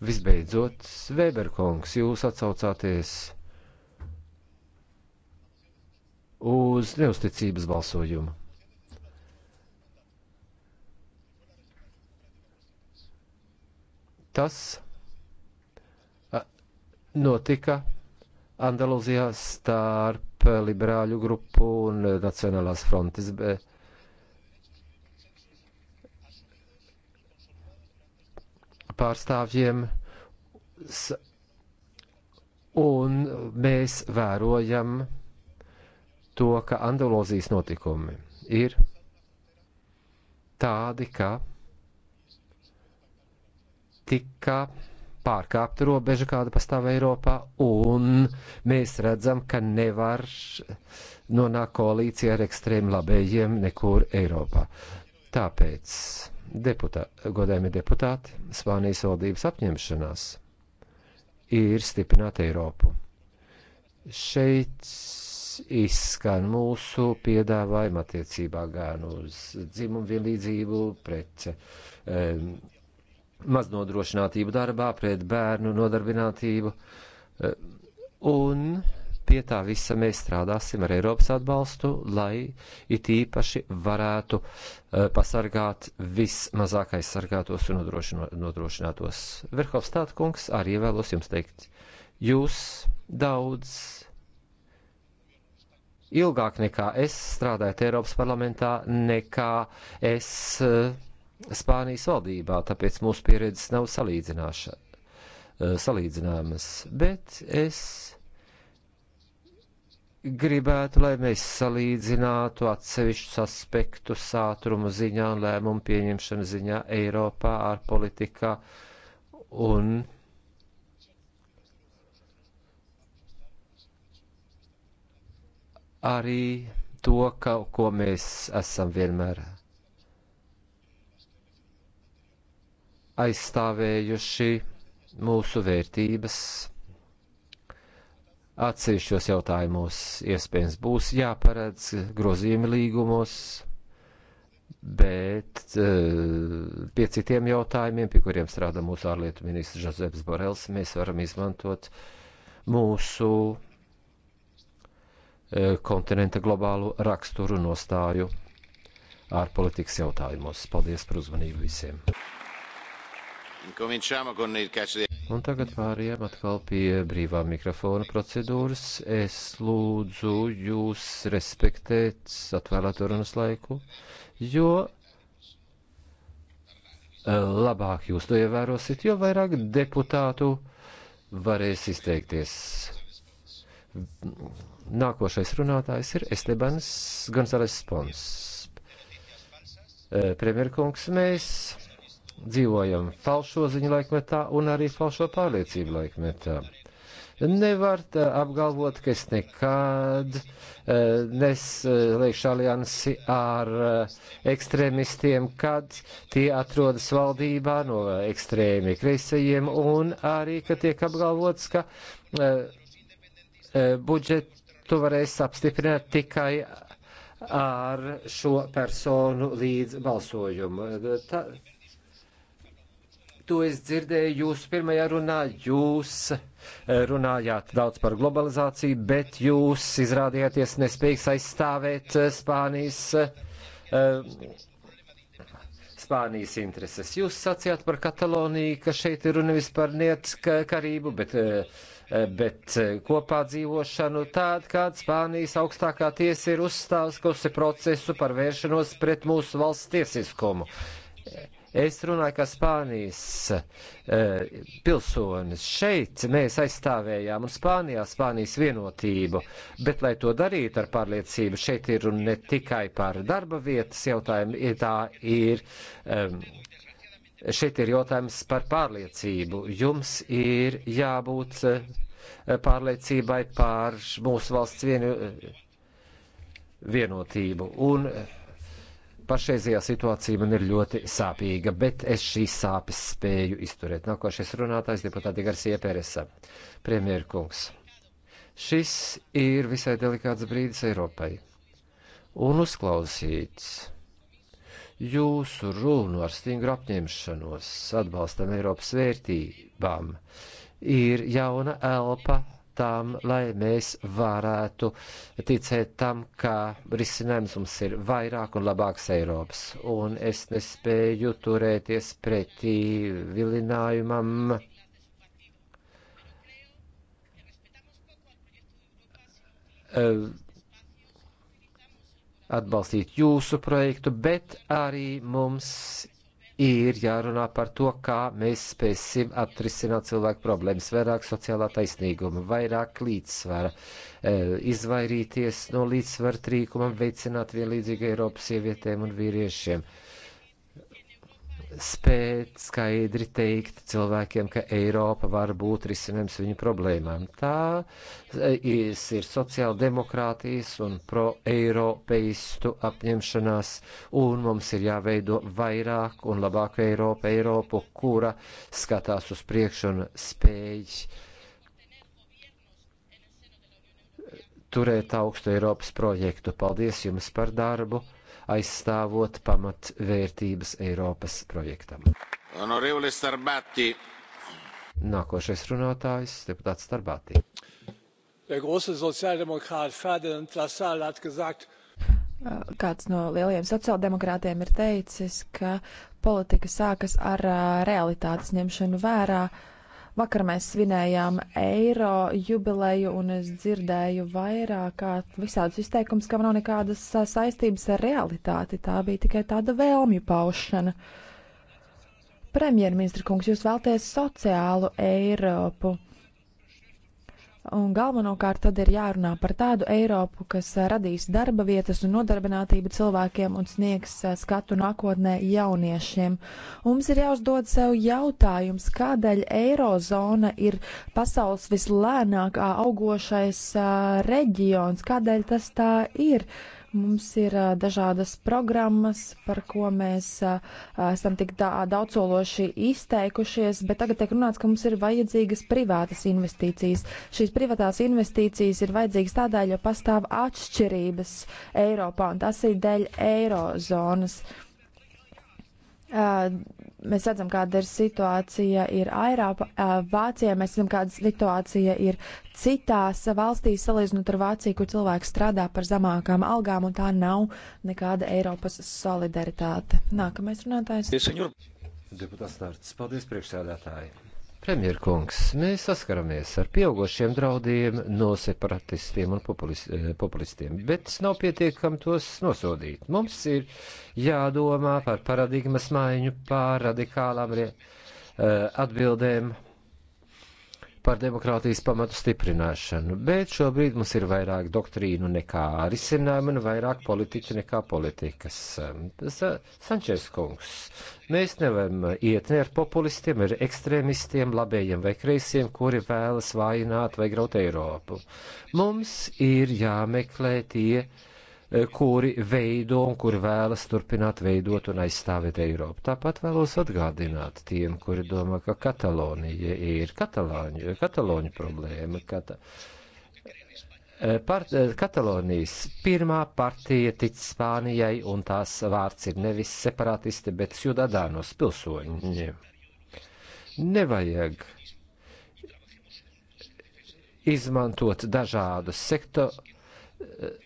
visbeidzot, Weberkungs, jūs atsaucāties uz neusticības balsojumu. Tas notika Andalūzijā starp liberāļu grupu un Nacionālās frontes. pārstāvjiem, un mēs vērojam to, ka Andalūzijas notikumi ir tādi, ka tika pārkāpta robeža, kāda pastāv Eiropā, un mēs redzam, ka nevar nonākt koalīcija ar ekstrēmu labējiem nekur Eiropā. Tāpēc, deputā, godējumi deputāti, Spānijas valdības apņemšanās ir stiprināt Eiropu. Šeit izskan mūsu piedāvājuma attiecībā gan uz dzimumu vienlīdzību, pret um, maznodrošinātību darbā, pret bērnu nodarbinātību. Eh, un pie tā visa mēs strādāsim ar Eiropas atbalstu, lai it īpaši varētu eh, pasargāt vismazāk aizsargātos un nodrošinātos. Verhofstāt kungs, arī vēlos jums teikt, jūs daudz ilgāk nekā es strādājat Eiropas parlamentā, nekā es. Uh, Spānijas valdībā, tāpēc mūsu pieredzes nav eh, salīdzināmas. Bet es gribētu, lai mēs salīdzinātu atsevišķus aspektus ātrumu ziņā un lēmumu pieņemšanu ziņā Eiropā ar politikā un arī to, ka, ko mēs esam vienmēr aizstāvējuši mūsu vērtības. Atsevišķos jautājumos iespējams būs jāparedz grozījumi līgumos, bet eh, pie citiem jautājumiem, pie kuriem strādā mūsu ārlietu ministrs Žozefs Borels, mēs varam izmantot mūsu eh, kontinenta globālu raksturu nostāju ārpolitikas jautājumos. Paldies par uzmanību visiem! Un tagad pārējām atkal pie brīvā mikrofona procedūras. Es lūdzu jūs respektēt atvēlēto runas laiku, jo eh, labāk jūs to ievērosiet, jo vairāk deputātu varēs izteikties. Nākošais runātājs ir Estebans Gonzales Pons. Eh, premjerkungs, mēs dzīvojam falšo ziņu laikmetā un arī falšo pārliecību laikmetā. Nevar eh, apgalvot, ka es nekad uh, eh, neslēgšu uh, eh, aliansi ar uh, ekstrēmistiem, kad tie atrodas valdībā no ekstrēmi kreisajiem, un arī, ka tiek apgalvots, ka budžetu varēs apstiprināt tikai ar šo personu līdz balsojumu. Tā, to es dzirdēju jūsu pirmajā runā. Jūs eh, runājāt daudz par globalizāciju, bet jūs izrādījāties nespējīgs aizstāvēt eh, Spānijas. Eh, Spānijas intereses. Jūs sacījāt par Kataloniju, ka šeit ir runa nevis par niec karību, bet uh, bet kopā dzīvošanu tādu, kāda Spānijas augstākā tiesa ir uzstāvusi procesu par vēršanos pret mūsu valsts tiesiskumu. Es runāju kā Spānijas e, pilsonis. Šeit mēs aizstāvējām un Spānijā Spānijas vienotību, bet, lai to darītu ar pārliecību, šeit ir un ne tikai par darba vietas jautājumu, ja tā ir, e, šeit ir jautājums par pārliecību. Jums ir jābūt e, pārliecībai par mūsu valsts vienu, e, vienotību. Un, e, pašreizajā situācija man ir ļoti sāpīga, bet es šīs sāpes spēju izturēt. Nākošais runātājs deputāti Garsie Peresa, premjerkungs. Šis ir visai delikāts brīdis Eiropai. Un uzklausīts jūsu runu ar stingru apņemšanos atbalstam Eiropas vērtībām ir jauna elpa lietām, lai mēs varētu ticēt tam, ka risinājums mums ir vairāk un labāks Eiropas. Un es nespēju turēties pretī vilinājumam. Ehm, atbalstīt jūsu projektu, bet arī mums ir jārunā par to, kā mēs spēsim atrisināt cilvēku problēmas, vairāk sociālā taisnīguma, vairāk līdzsvara, e, izvairīties no līdzsvara trīkuma, veicināt vienlīdzīgu Eiropas sievietēm un vīriešiem. Uh, spēt skaidri teikt cilvēkiem, ka Eiropa var būt risinājums viņu problēmām. Tā e, ir sociāla demokrātijas un pro-eiropeistu apņemšanās, un mums ir jāveido vairāk un labāku Eiropu, Eiropu, kura skatās uz priekšu un spēj e, turēt augstu Eiropas projektu. Paldies jums par darbu! aizstāvot pamatvērtības Eiropas projektam. Honorevole Starbati. Nākošais runātājs - deputāts Starbati. Der große Sozialdemokrat Ferdinand Lassalle hat gesagt, kāds no lielajiem sociāldemokrātiem ir teicis, ka politika sākas ar realitātes ņemšanu vērā Vakar mēs svinējām eiro jubileju, un es dzirdēju vairāk visādus izteikumus, kam nav nekādas uh, saistības ar realitāti. Tā bija tikai tāda vēlmju paušana. Premjerministra kungs, jūs vēlties sociālu Eiropu. Un galvenokārt tad ir jārunā par tādu Eiropu, kas radīs darba vietas un nodarbinātību cilvēkiem un sniegs skatu nākotnē jauniešiem. Un mums ir jāuzdod sev jautājums, kādēļ Eirozona ir pasaules vislēnākā augošais reģions, kādēļ tas tā ir. Uh, Mums ir dažādas programmas, par ko mēs esam tik daudzsološi izteikušies, bet tagad tiek runāts, ka mums ir vajadzīgas privātas investīcijas. Šīs privātās investīcijas ir vajadzīgas tādēļ, jo pastāv atšķirības Eiropā, un tas ir dēļ eirozonas. Uh, Mēs redzam, kāda ir situācija ir Airāpa, Vācijā, mēs redzam, kāda situācija ir citās valstīs salīdzinot ar Vāciju, kur cilvēki strādā par zamākām algām, un tā nav nekāda Eiropas solidaritāte. Nākamais runātājs. Deputāts Nārts, paldies priekšsēdētāji. Premjerkungs, mēs saskaramies ar pieaugušiem draudiem no separatistiem un eh, populistiem, bet nav pietiekami tos nosodīt. Mums ir jādomā par paradigmas maiņu, par radikālām re, eh, atbildēm par demokrātijas pamatu stiprināšanu, bet šobrīd mums ir vairāk doktrīnu nekā risinājumu un vairāk politiķu nekā politikas. Sa eh, Sančers kungs, mēs nevaram iet ne ar populistiem, ar ekstrēmistiem, labējiem vai kreisiem, kuri vēlas vājināt vai graut Eiropu. Mums ir jāmeklē tie, kuri veido un kuri vēlas turpināt veidot un aizstāvēt Eiropu. Tāpat vēlos atgādināt tiem, kuri domā, ka Katalonija ir katalāņu, katalāņu problēma. Kata eh, Part, eh, Katalonijas pirmā partija tic Spānijai, un tās vārds ir nevis separātisti, bet Ciudadanos pilsoņi. Nevajag izmantot dažādus sektorus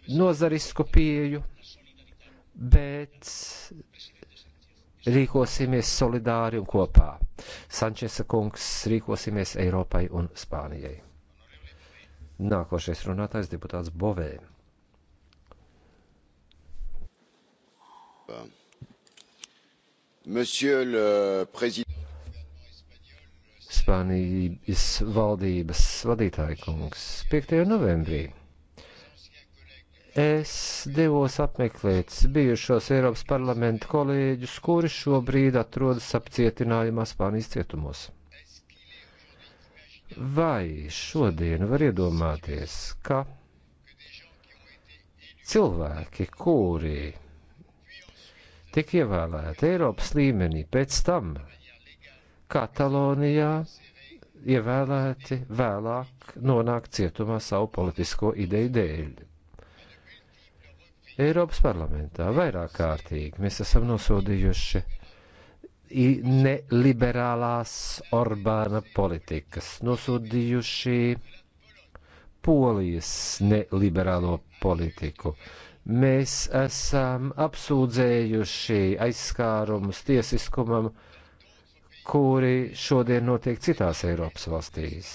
nozarisku pieju, bet rīkosimies solidāri un kopā. Sančesa kungs, rīkosimies Eiropai un Spānijai. Nākošais runātājs deputāts Bovē. Spānijas valdības vadītāja kungs 5. novembrī Es devos apmeklēt bijušos Eiropas parlamenta kolēģus, kuri šobrīd atrodas apcietinājumā Spānijas cietumos. Vai šodien var iedomāties, ka cilvēki, kuri tik ievēlēti Eiropas līmenī, pēc tam Katalonijā ievēlēti vēlāk nonāk cietumā savu politisko ideju dēļ? Eiropas parlamentā vairāk kārtīgi mēs esam nosodījuši neliberālās Orbāna politikas, nosodījuši Polijas neliberālo politiku. Mēs esam apsūdzējuši aizskārumus tiesiskumam, kuri šodien notiek citās Eiropas valstīs.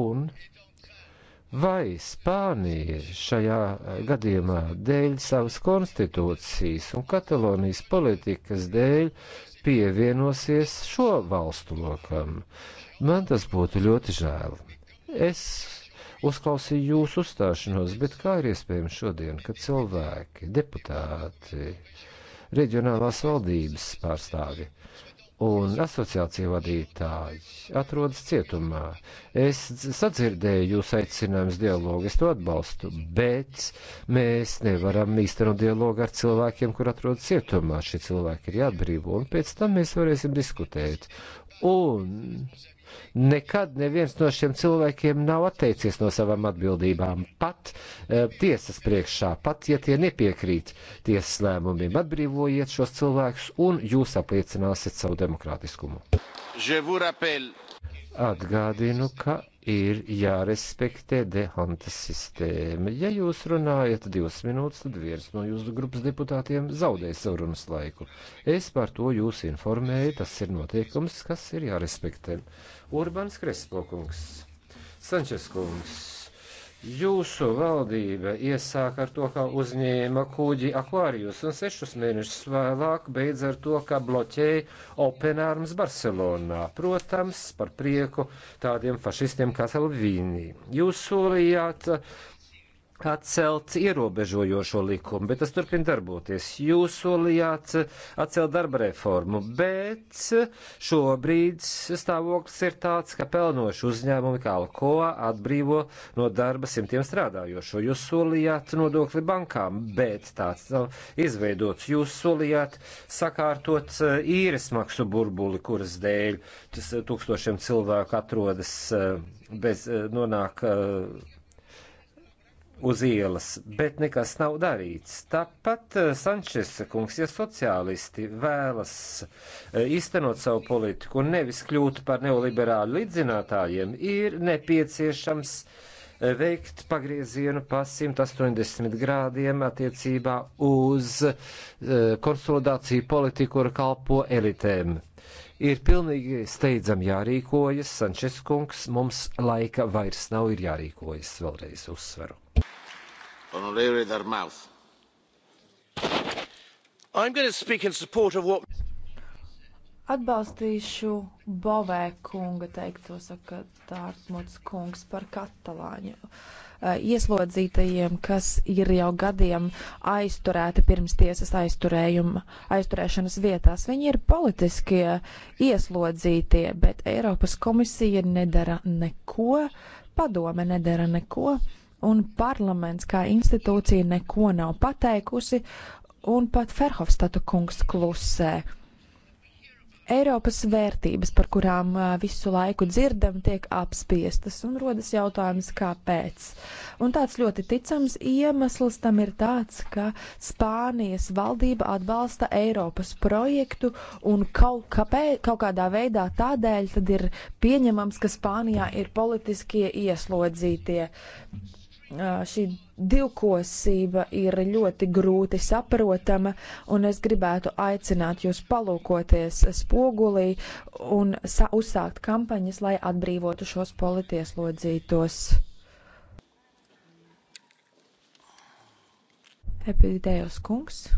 Un Vai Spānija šajā eh, gadījumā dēļ savas konstitūcijas un Katalonijas politikas dēļ pievienosies šo valstu lokam? Man tas būtu ļoti žēl. Es uzklausīju jūsu uzstāšanos, bet kā ir iespējams šodien, ka cilvēki, deputāti, reģionālās valdības pārstāvi un asociācija vadītāji atrodas cietumā. Es sadzirdēju jūs aicinājums dialogu, es to atbalstu, bet mēs nevaram īstenot dialogu ar cilvēkiem, kur atrodas cietumā. Šie cilvēki ir jāatbrīvo, un pēc tam mēs varēsim diskutēt. Un Nekad neviens no šiem cilvēkiem nav atteicies no savām atbildībām, pat e, tiesas priekšā, pat ja tie nepiekrīt tiesas lēmumiem. Atbrīvojiet šos cilvēkus un jūs apliecināsiet savu demokrātiskumu. Atgādinu, ka ir jārespektē dehanta sistēma. Ja jūs runājat divas minūtes, tad viens no jūsu grupas deputātiem zaudē savu runas laiku. Es par to jūs informēju, tas ir noteikums, kas ir jārespektē. Urbans Krespokungs, Sančes kungs. Jūsu valdība iesāk ar to, ka uzņēma kuģi akvārijus un sešus mēnešus vēlāk beidz ar to, ka bloķēja Open Arms Barcelonā. Protams, par prieku tādiem fašistiem kā Salvīnī. Jūs solījāt atcelt ierobežojošo likumu, bet tas turpina darboties. Jūs solījāt atcelt darba reformu, bet šobrīd stāvoklis ir tāds, ka pelnoši uzņēmumi kā Alkoa atbrīvo no darba simtiem strādājošo. Jūs solījāt nodokli bankām, bet tāds nav izveidots. Jūs solījāt sakārtot īres maksu burbuli, kuras dēļ tūkstošiem cilvēku atrodas eh, bez eh, nonāk eh, uz ielas, bet nekas nav darīts. Tāpat eh, Sančesa kungs, ja sociālisti vēlas eh, īstenot savu politiku un nevis kļūt par neoliberāļu līdzinātājiem, ir nepieciešams eh, veikt pagriezienu pa 180 grādiem attiecībā uz konsolidāciju politiku, kur kalpo elitēm. Ir pilnīgi steidzam jārīkojas, Sančes kungs, mums laika vairs nav, ir jārīkojas vēlreiz uzsveru. Honorevole Darmouth. I'm going to speak in support of what Atbalstīšu Bovē kunga teikto, saka Dārtmuts kungs par katalāņu eh, ieslodzītajiem, kas ir jau gadiem aizturēti pirms tiesas aizturējuma, aizturēšanas vietās. Viņi ir politiskie ieslodzītie, bet Eiropas komisija nedara neko, padome nedara neko. Uh, un parlaments kā institūcija neko nav pateikusi, un pat Ferhofstata kungs klusē. Eiropas vērtības, par kurām visu laiku dzirdam, tiek apspiestas, un rodas jautājums, kāpēc. Un tāds ļoti ticams iemesls tam ir tāds, ka Spānijas valdība atbalsta Eiropas projektu, un kaut, kāpē, kaut kādā veidā tādēļ tad ir pieņemams, ka Spānijā ir politiskie ieslodzītie šī divkosība ir ļoti grūti saprotama, un es gribētu aicināt jūs palūkoties spogulī un uzsākt kampaņas, lai atbrīvotu šos politieslodzītos. Epidējas kungs.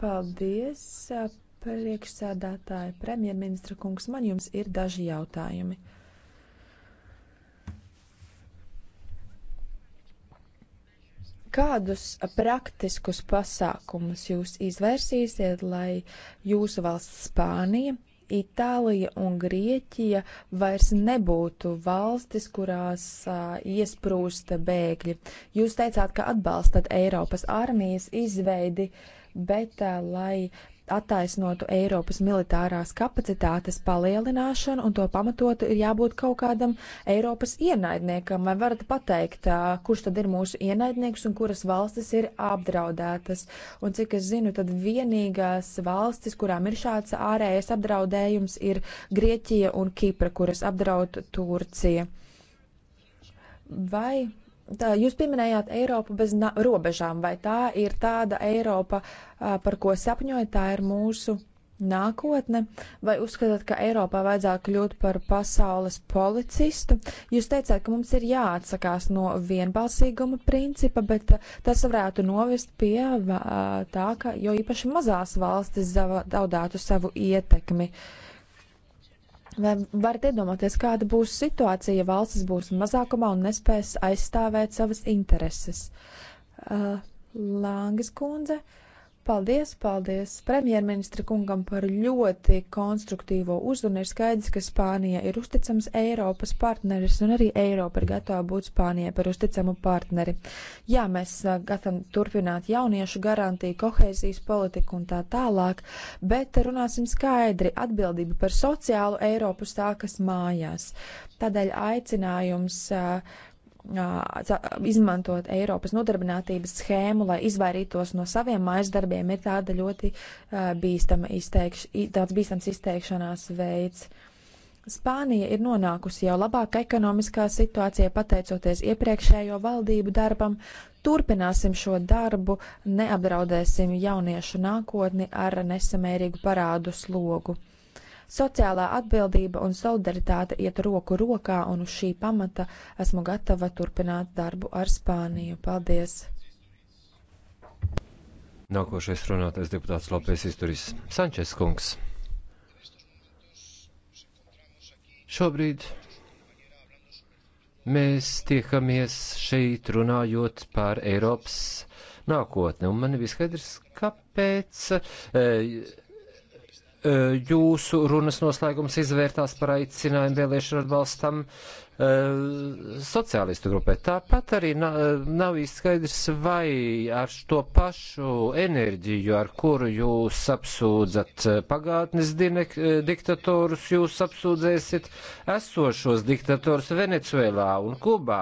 Paldies, priekšsēdētāji, premjerministra kungs. Man jums ir daži jautājumi. Kādus praktiskus pasākumus jūs izvērsīsiet, lai jūsu valsts Spānija, Itālija un Grieķija vairs nebūtu valstis, kurās uh, iesprūsta bēgļi? Jūs teicāt, ka atbalstat Eiropas armijas izveidi, bet uh, lai attaisnotu Eiropas militārās kapacitātes palielināšanu, un to pamatotu ir jābūt kaut kādam Eiropas ienaidniekam. Vai varat pateikt, kurš tad ir mūsu ienaidnieks un kuras valstis ir apdraudētas? Un cik es zinu, tad vienīgās valstis, kurām ir šāds ārējais apdraudējums, ir Grieķija un Kipra, kuras apdraud Turcija. Vai Tā, jūs pieminējāt Eiropu bez robežām, vai tā ir tāda Eiropa, a, par ko sapņojat, tā ir mūsu nākotne, vai uzskatāt, ka Eiropā vajadzētu kļūt par pasaules policistu? Jūs teicāt, ka mums ir jāatsakās no vienbalsīguma principa, bet tas varētu novest pie tā, ka jo īpaši mazās valstis zaudētu savu ietekmi. Uh, Vai varat iedomāties, kāda būs situācija, ja valstis būs mazākumā un nespēs aizstāvēt savas intereses? Uh, Lāngas kundze, uh, Paldies, paldies premjerministra kungam par ļoti konstruktīvo uzrunu. Ir skaidrs, ka Spānija ir uzticams Eiropas partneris un arī Eiropa ir gatava būt Spānijai par uzticamu partneri. Jā, mēs gatavam turpināt jauniešu garantiju, kohēzijas politiku un tā tālāk, bet runāsim skaidri atbildību par sociālu Eiropu sākas mājās. Tādēļ aicinājums. Uh, izmantot Eiropas nodarbinātības schēmu, lai izvairītos no saviem mājas darbiem, ir tāda ļoti bīstama izteikš, tāds bīstams izteikšanās veids. Spānija ir nonākusi jau labākā ekonomiskā situācijā pateicoties iepriekšējo valdību darbam. Turpināsim šo darbu, neapdraudēsim jauniešu nākotni ar nesamērīgu parādu slogu. Sociālā atbildība un solidaritāte iet roku rokā, un uz šī pamata esmu gatava turpināt darbu ar Spāniju. Paldies! Nākošais runātais deputāts Lopes Isturis Sančes kungs. Šobrīd mēs tiekamies šeit runājot par Eiropas nākotni, un man nebija skaidrs, kāpēc. E, Eh, jūsu runas noslēgums izvērtās par aicinājumu vēlēšanu atbalstam Eh, sociālistu grupai. Tāpat arī eh, nav, nav izskaidrs, vai ar to pašu enerģiju, ar kuru jūs apsūdzat eh, pagātnes diktatorus, jūs apsūdzēsiet esošos diktatorus Venecuēlā un Kubā,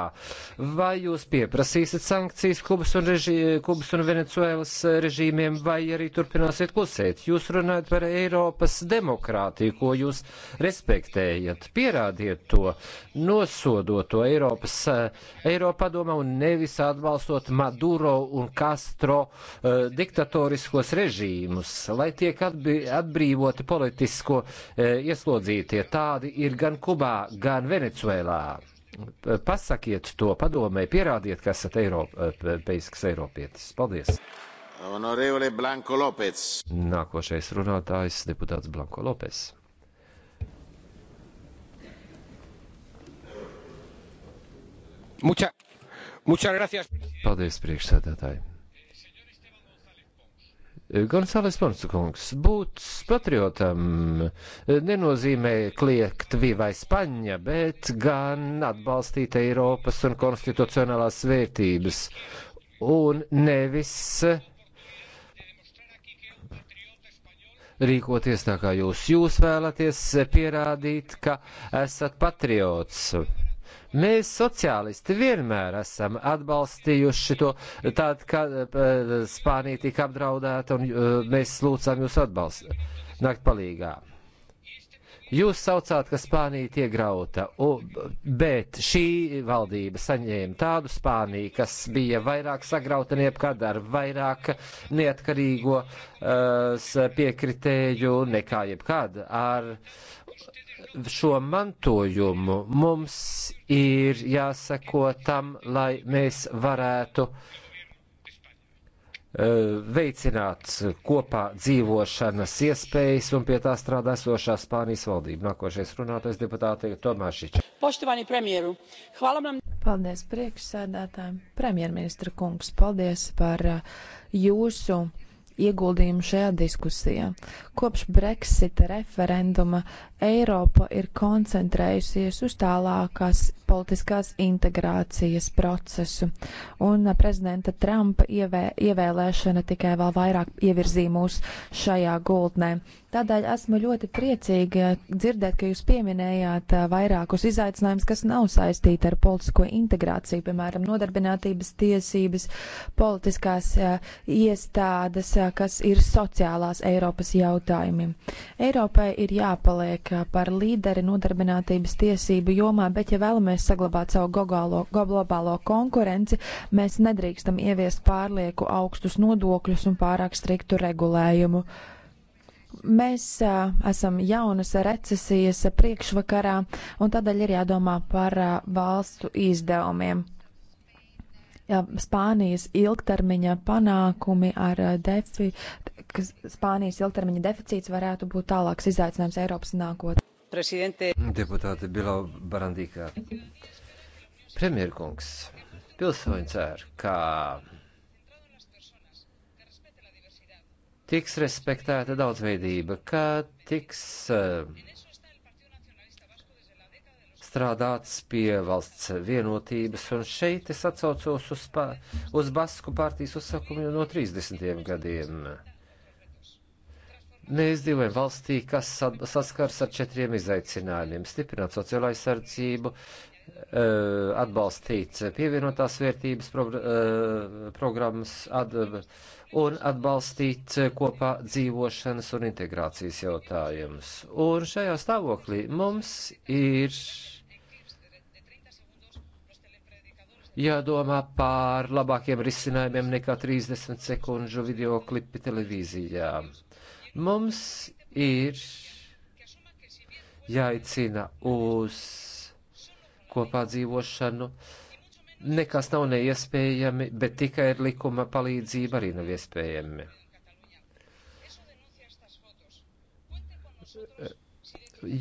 vai jūs pieprasīsiet sankcijas Kubas un, reži, Kubas un Venecuēlas režīmiem, vai arī turpināsiet klusēt. Jūs runājat par Eiropas demokrātiju, ko jūs respektējat. Pierādiet to. Nos nosodot to Eiropas, eh, Eiropadomā un nevis atbalstot Maduro un Castro uh, diktatoriskos režīmus, lai tiek atbrīvoti politisko uh, ieslodzītie. Tādi ir gan Kubā, gan Venecuēlā. Pasakiet to padomē, pierādiet, ka esat Eiropeisks Eiropietis. Paldies! Honorevole Blanko Lopes. Nākošais runātājs deputāts Blanko Lopes. Mucha, mucha gracias. Paldies, priekšsēdētāji. Gonzāles Ponsukungs, būt patriotam nenozīmē kliegt vivai Spaņa, bet gan atbalstīt Eiropas un konstitucionālās vērtības. Un nevis rīkoties tā kā jūs. Jūs vēlaties pierādīt, ka esat patriots Mēs, sociālisti, vienmēr esam atbalstījuši to, tād, ka e, Spānija tika apdraudēta, un e, mēs lūdzām jūs atbalstu, nākt palīgā. Jūs saucāt, ka Spānija tiek grauta, un, bet šī valdība saņēma tādu Spāniju, kas bija vairāk sagrauta niekad ar vairāk neatkarīgo uh, piekritēju nekā jebkad ar uh, šo mantojumu, mums ir jāseko tam, lai mēs varētu e, veicināt kopā dzīvošanas iespējas un pie tā strādā esošā Spānijas valdība. Nākošais runātais deputāte Tomašiča. Poštovani premjeru, hvala vam. Paldies priekšsēdētājiem. Premjerministra kungs, paldies par e, jūsu ieguldījumu šajā diskusijā. Kopš Brexita referenduma Eiropa ir koncentrējusies uz tālākās politiskās integrācijas procesu, un prezidenta Trumpa ievē, ievēlēšana tikai vēl vairāk ievirzīja mūs šajā gultnē. Tādēļ esmu ļoti priecīga dzirdēt, ka jūs pieminējāt vairākus izaicinājumus, kas nav saistīti ar politisko integrāciju, piemēram, nodarbinātības tiesības, politiskās iestādes, kas ir sociālās Eiropas jautājumi. Eiropai ir jāpaliek par līderi nodarbinātības tiesību jomā, bet ja vēlamies saglabāt savu globālo, globālo konkurenci, mēs nedrīkstam ieviest pārlieku augstus nodokļus un pārāk striktu regulējumu. Mēs a, esam jaunas recesijas priekšvakarā, un tādēļ ir jādomā par a, valstu izdevumiem Spānijas ilgtermiņa panākumi ar eh, defi, kas Spānijas ilgtermiņa deficīts varētu būt tālāks izaicinājums Eiropas nākotnē. Presidente. Deputāte Bilau Barandīkā. Premjerkungs, pilsoņi cer, ka tiks respektēta daudzveidība, ka tiks uh, strādāts pie valsts vienotības, un šeit es atsaucos uz, pa, uz Basku partijas uzsakumiem no 30. gadiem. Mēs dzīvojam valstī, kas saskars ar četriem izaicinājumiem - stiprināt sociālo aizsardzību, e, atbalstīt pievienotās vērtības e, programmas ad, un atbalstīt kopā dzīvošanas un integrācijas jautājumus. Un šajā stāvoklī mums ir jādomā pār labākiem risinājumiem nekā 30 sekundžu video klipi televīzijā. Mums ir jāicina uz kopā dzīvošanu. Nekas nav neiespējami, bet tikai ar likuma palīdzību arī nav iespējami.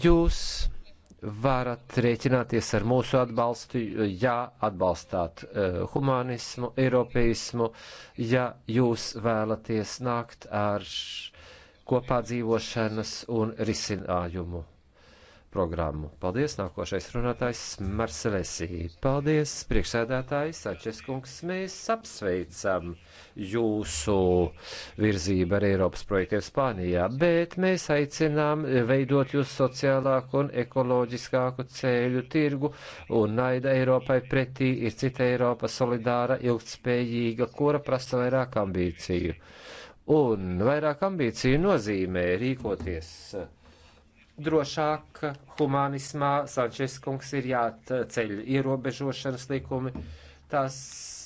Jūs varat rēķināties ar mūsu atbalstu, ja atbalstāt uh, humanismu, eiropeismu, ja jūs vēlaties nākt ar kopā dzīvošanas un risinājumu programmu. Paldies, nākošais runātājs Marcelesī. Paldies, priekšsēdētājs Ačeskungs, mēs apsveicam jūsu virzību ar Eiropas projektiem Spānijā, bet mēs aicinām veidot jūs sociālāku un ekoloģiskāku ceļu tirgu un naida Eiropai pretī ir cita Eiropa solidāra, ilgtspējīga, kura prasa vairāk ambīciju. Un vairāk ambīciju nozīmē rīkoties uh, drošāk humanismā. Sančes kungs ir jāceļ ierobežošanas likumi. Tas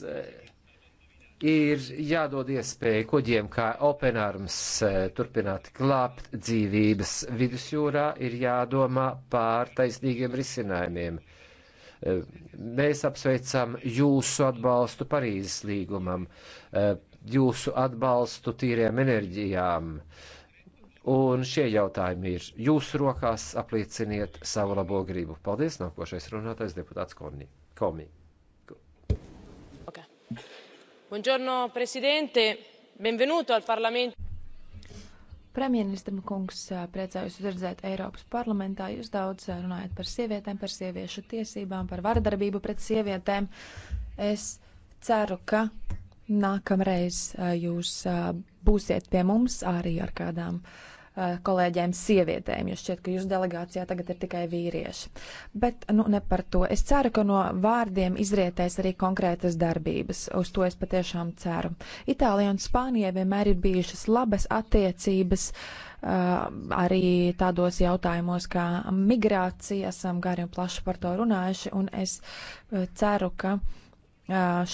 eh, ir jādod iespēja kuģiem kā Open Arms eh, turpināt glābt dzīvības vidusjūrā, ir jādomā pār taisnīgiem risinājumiem. Eh, mēs apsveicam jūsu atbalstu Parīzes līgumam, jūsu atbalstu tīriem enerģijām, uh, Un šie jautājumi ir jūsu rokās, aplieciniet savu labo gribu. Paldies, nākošais runātais deputāts Komi. Komi. Okay. Buongiorno, presidente. Benvenuto al parlamento. Premjerministra kungs priecājos redzēt Eiropas parlamentā. Jūs daudz runājat par sievietēm, par sieviešu tiesībām, par vardarbību pret sievietēm. Es ceru, ka nākamreiz jūs būsiet pie mums arī ar kādām uh, Eh, kolēģiem sievietēm, jo šķiet, ka jūsu delegācijā tagad ir tikai vīrieši. Bet nu, ne par to. Es ceru, ka no vārdiem izrietēs arī konkrētas darbības. Uz to es patiešām ceru. Itālijai un Spānijai vienmēr ir bijušas labas attiecības. Uh, arī tādos jautājumos kā migrācija, esam gari un plaši par to runājuši, un es uh, ceru, ka uh,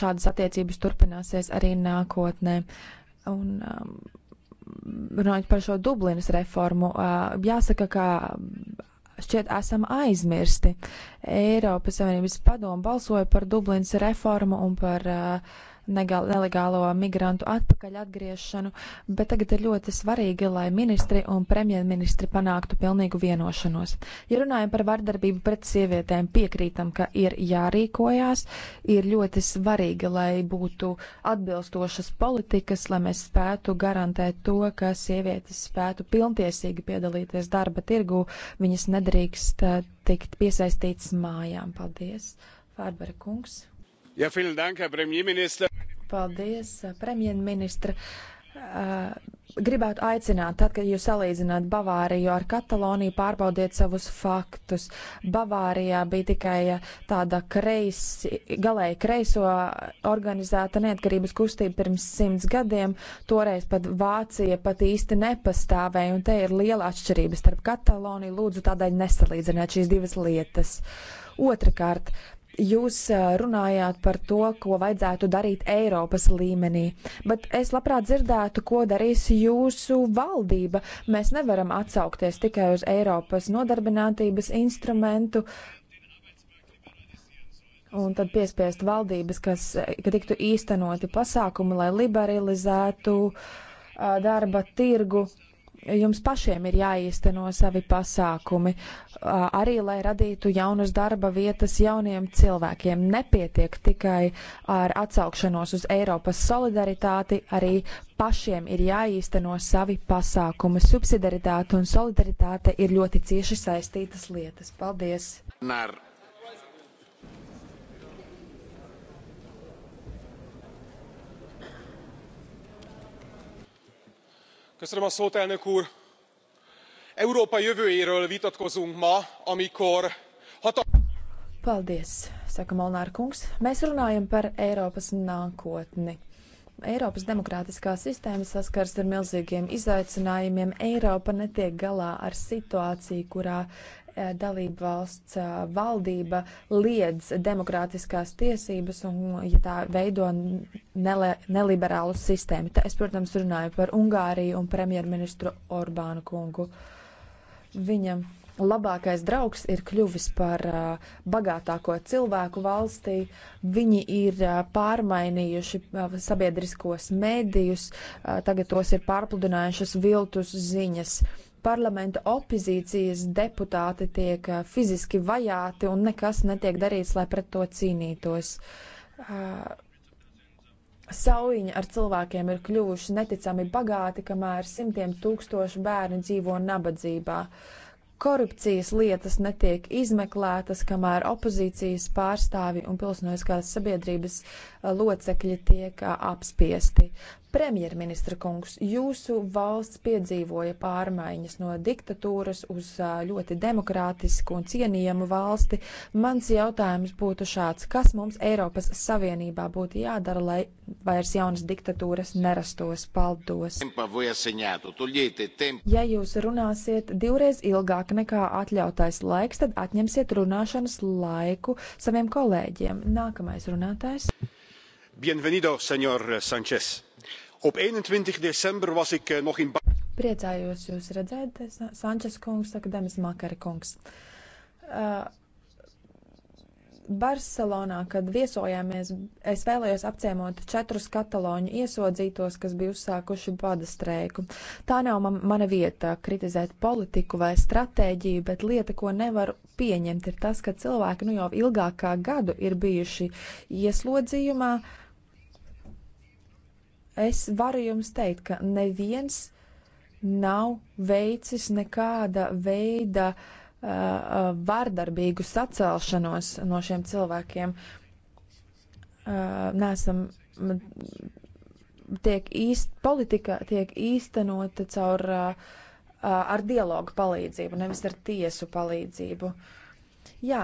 šādas attiecības turpināsies arī nākotnē. Un, um, runājot par šo Dublinas reformu, jāsaka, ka šķiet esam aizmirsti. Eiropas Savienības padomu balsoja par Dublinas reformu un par uh, nelegālo migrantu atpakaļ atgriešanu, bet tagad ir ļoti svarīgi, lai ministri un premjerministri panāktu pilnīgu vienošanos. Ja runājam par vardarbību pret sievietēm, piekrītam, ka ir jārīkojās, ir ļoti svarīgi, lai būtu atbilstošas politikas, lai mēs spētu garantēt to, ka sievietes spētu pilntiesīgi piedalīties darba tirgu, viņas nedrīkst eh, tikt piesaistītas mājām. Paldies, Fārbera kungs! Ja, dank, Herr Paldies, eh, premjerministra. Eh, gribētu aicināt, tad, kad jūs salīdzināt Bavāriju ar Kataloniju, pārbaudiet savus faktus. Bavārijā bija tikai eh, tāda kreis, galēji kreiso organizēta neatkarības kustība pirms simts gadiem. Toreiz pat Vācija pat īsti nepastāvēja, un te ir liela atšķirība starp Kataloniju. Lūdzu, tādēļ nesalīdziniet šīs divas lietas. Otrakārt, Jūs runājāt par to, ko vajadzētu darīt Eiropas līmenī, bet es labprāt dzirdētu, ko darīs jūsu valdība. Mēs nevaram atsaukties tikai uz Eiropas nodarbinātības instrumentu. Un tad piespiest valdības, kas, ka tiktu īstenoti pasākumi, lai liberalizētu darba tirgu jums pašiem ir jāīsteno savi pasākumi, arī lai radītu jaunas darba vietas jauniem cilvēkiem. Nepietiek tikai ar atsaukšanos uz Eiropas solidaritāti, arī pašiem ir jāīsteno savi pasākumi. Subsidaritāte un solidaritāte ir ļoti cieši saistītas lietas. Paldies! Nār. elnök úr európa jövőjéről vitatkozunk ma amikor. paldies saka molnár kungs. mēs runājam par eiropas nākotni. Eiropas demokrātiskā sistēma saskars ar milzīgiem izaicinājumiem. Eiropa netiek galā ar situāciju, kurā Eh, dalību valsts eh, valdība liedz demokrātiskās tiesības un, ja tā veido nele, neliberālu sistēmu. Tā es, protams, runāju par Ungāriju un premjerministru Orbānu kungu. Viņam labākais draugs ir kļuvis par uh, bagātāko cilvēku valstī. Viņi ir uh, pārmainījuši uh, sabiedriskos mēdījus, uh, tagad tos ir pārpludinājušas viltus ziņas. Uh, parlamenta opozīcijas deputāti tiek eh, fiziski vajāti un nekas netiek darīts, lai pret to cīnītos. Eh, Saujiņi ar cilvēkiem ir kļuvuši neticami bagāti, kamēr simtiem tūkstošu bērnu dzīvo nabadzībā. Korupcijas lietas netiek izmeklētas, kamēr opozīcijas pārstāvi un pilsoniskās sabiedrības eh, locekļi tiek apspiesti. Premjerministra kungs, jūsu valsts piedzīvoja pārmaiņas no diktatūras uz ļoti demokrātisku un cienījamu valsti. Mans jautājums būtu šāds: kas mums Eiropas Savienībā būtu jādara, lai vairs jaunas diktatūras nerastos? Paldos! Ja jūs runāsiet divreiz ilgāk nekā atļautais laiks, tad atņemsiet runāšanas laiku saviem kolēģiem. Nākamais runātājs. Bienvenido, senor Sanchez Op 21. december was ik eh, nog in. Priecājos jūs redzēt, eh, Sančes kungs, saka Demis Makara kungs. Uh, Barcelonā, kad viesojāmies, es vēlējos apciemot četrus kataloņu iesodzītos, kas bija uzsākuši bada streiku. Tā nav man, mana vieta kritizēt politiku vai stratēģiju, bet lieta, ko nevaru pieņemt, ir tas, ka cilvēki nu jau ilgākā gadu ir bijuši ieslodzījumā. Uh, es varu jums teikt, ka neviens nav veicis nekāda veida uh, uh vardarbīgu sacelšanos no šiem cilvēkiem. Uh, nesam, tiek īst, politika tiek īstenota caur uh, uh, ar dialogu palīdzību, nevis ar tiesu palīdzību. Jā,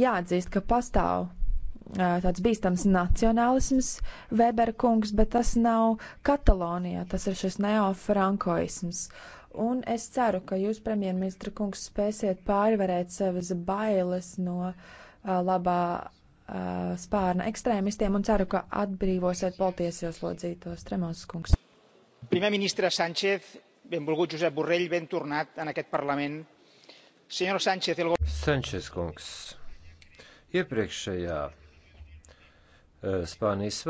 jāatzīst, ka pastāv tāds bīstams nacionālisms, Weberkungs, bet tas nav Katalonijā, tas ir šis neofrankoisms. Un es ceru, ka jūs, premjerministra kungs, spēsiet pārvarēt sevis bailes no uh, labā uh, spārna ekstrēmistiem un ceru, ka atbrīvosiet politiesajos lodzītos. Tremons kungs. Premjerministra Sančez, benvolgut Josep Borrell, ben tornat en aquest parlament. Senjor Sančez, el... Sančez kungs, iepriekšējā Spānijas valdību.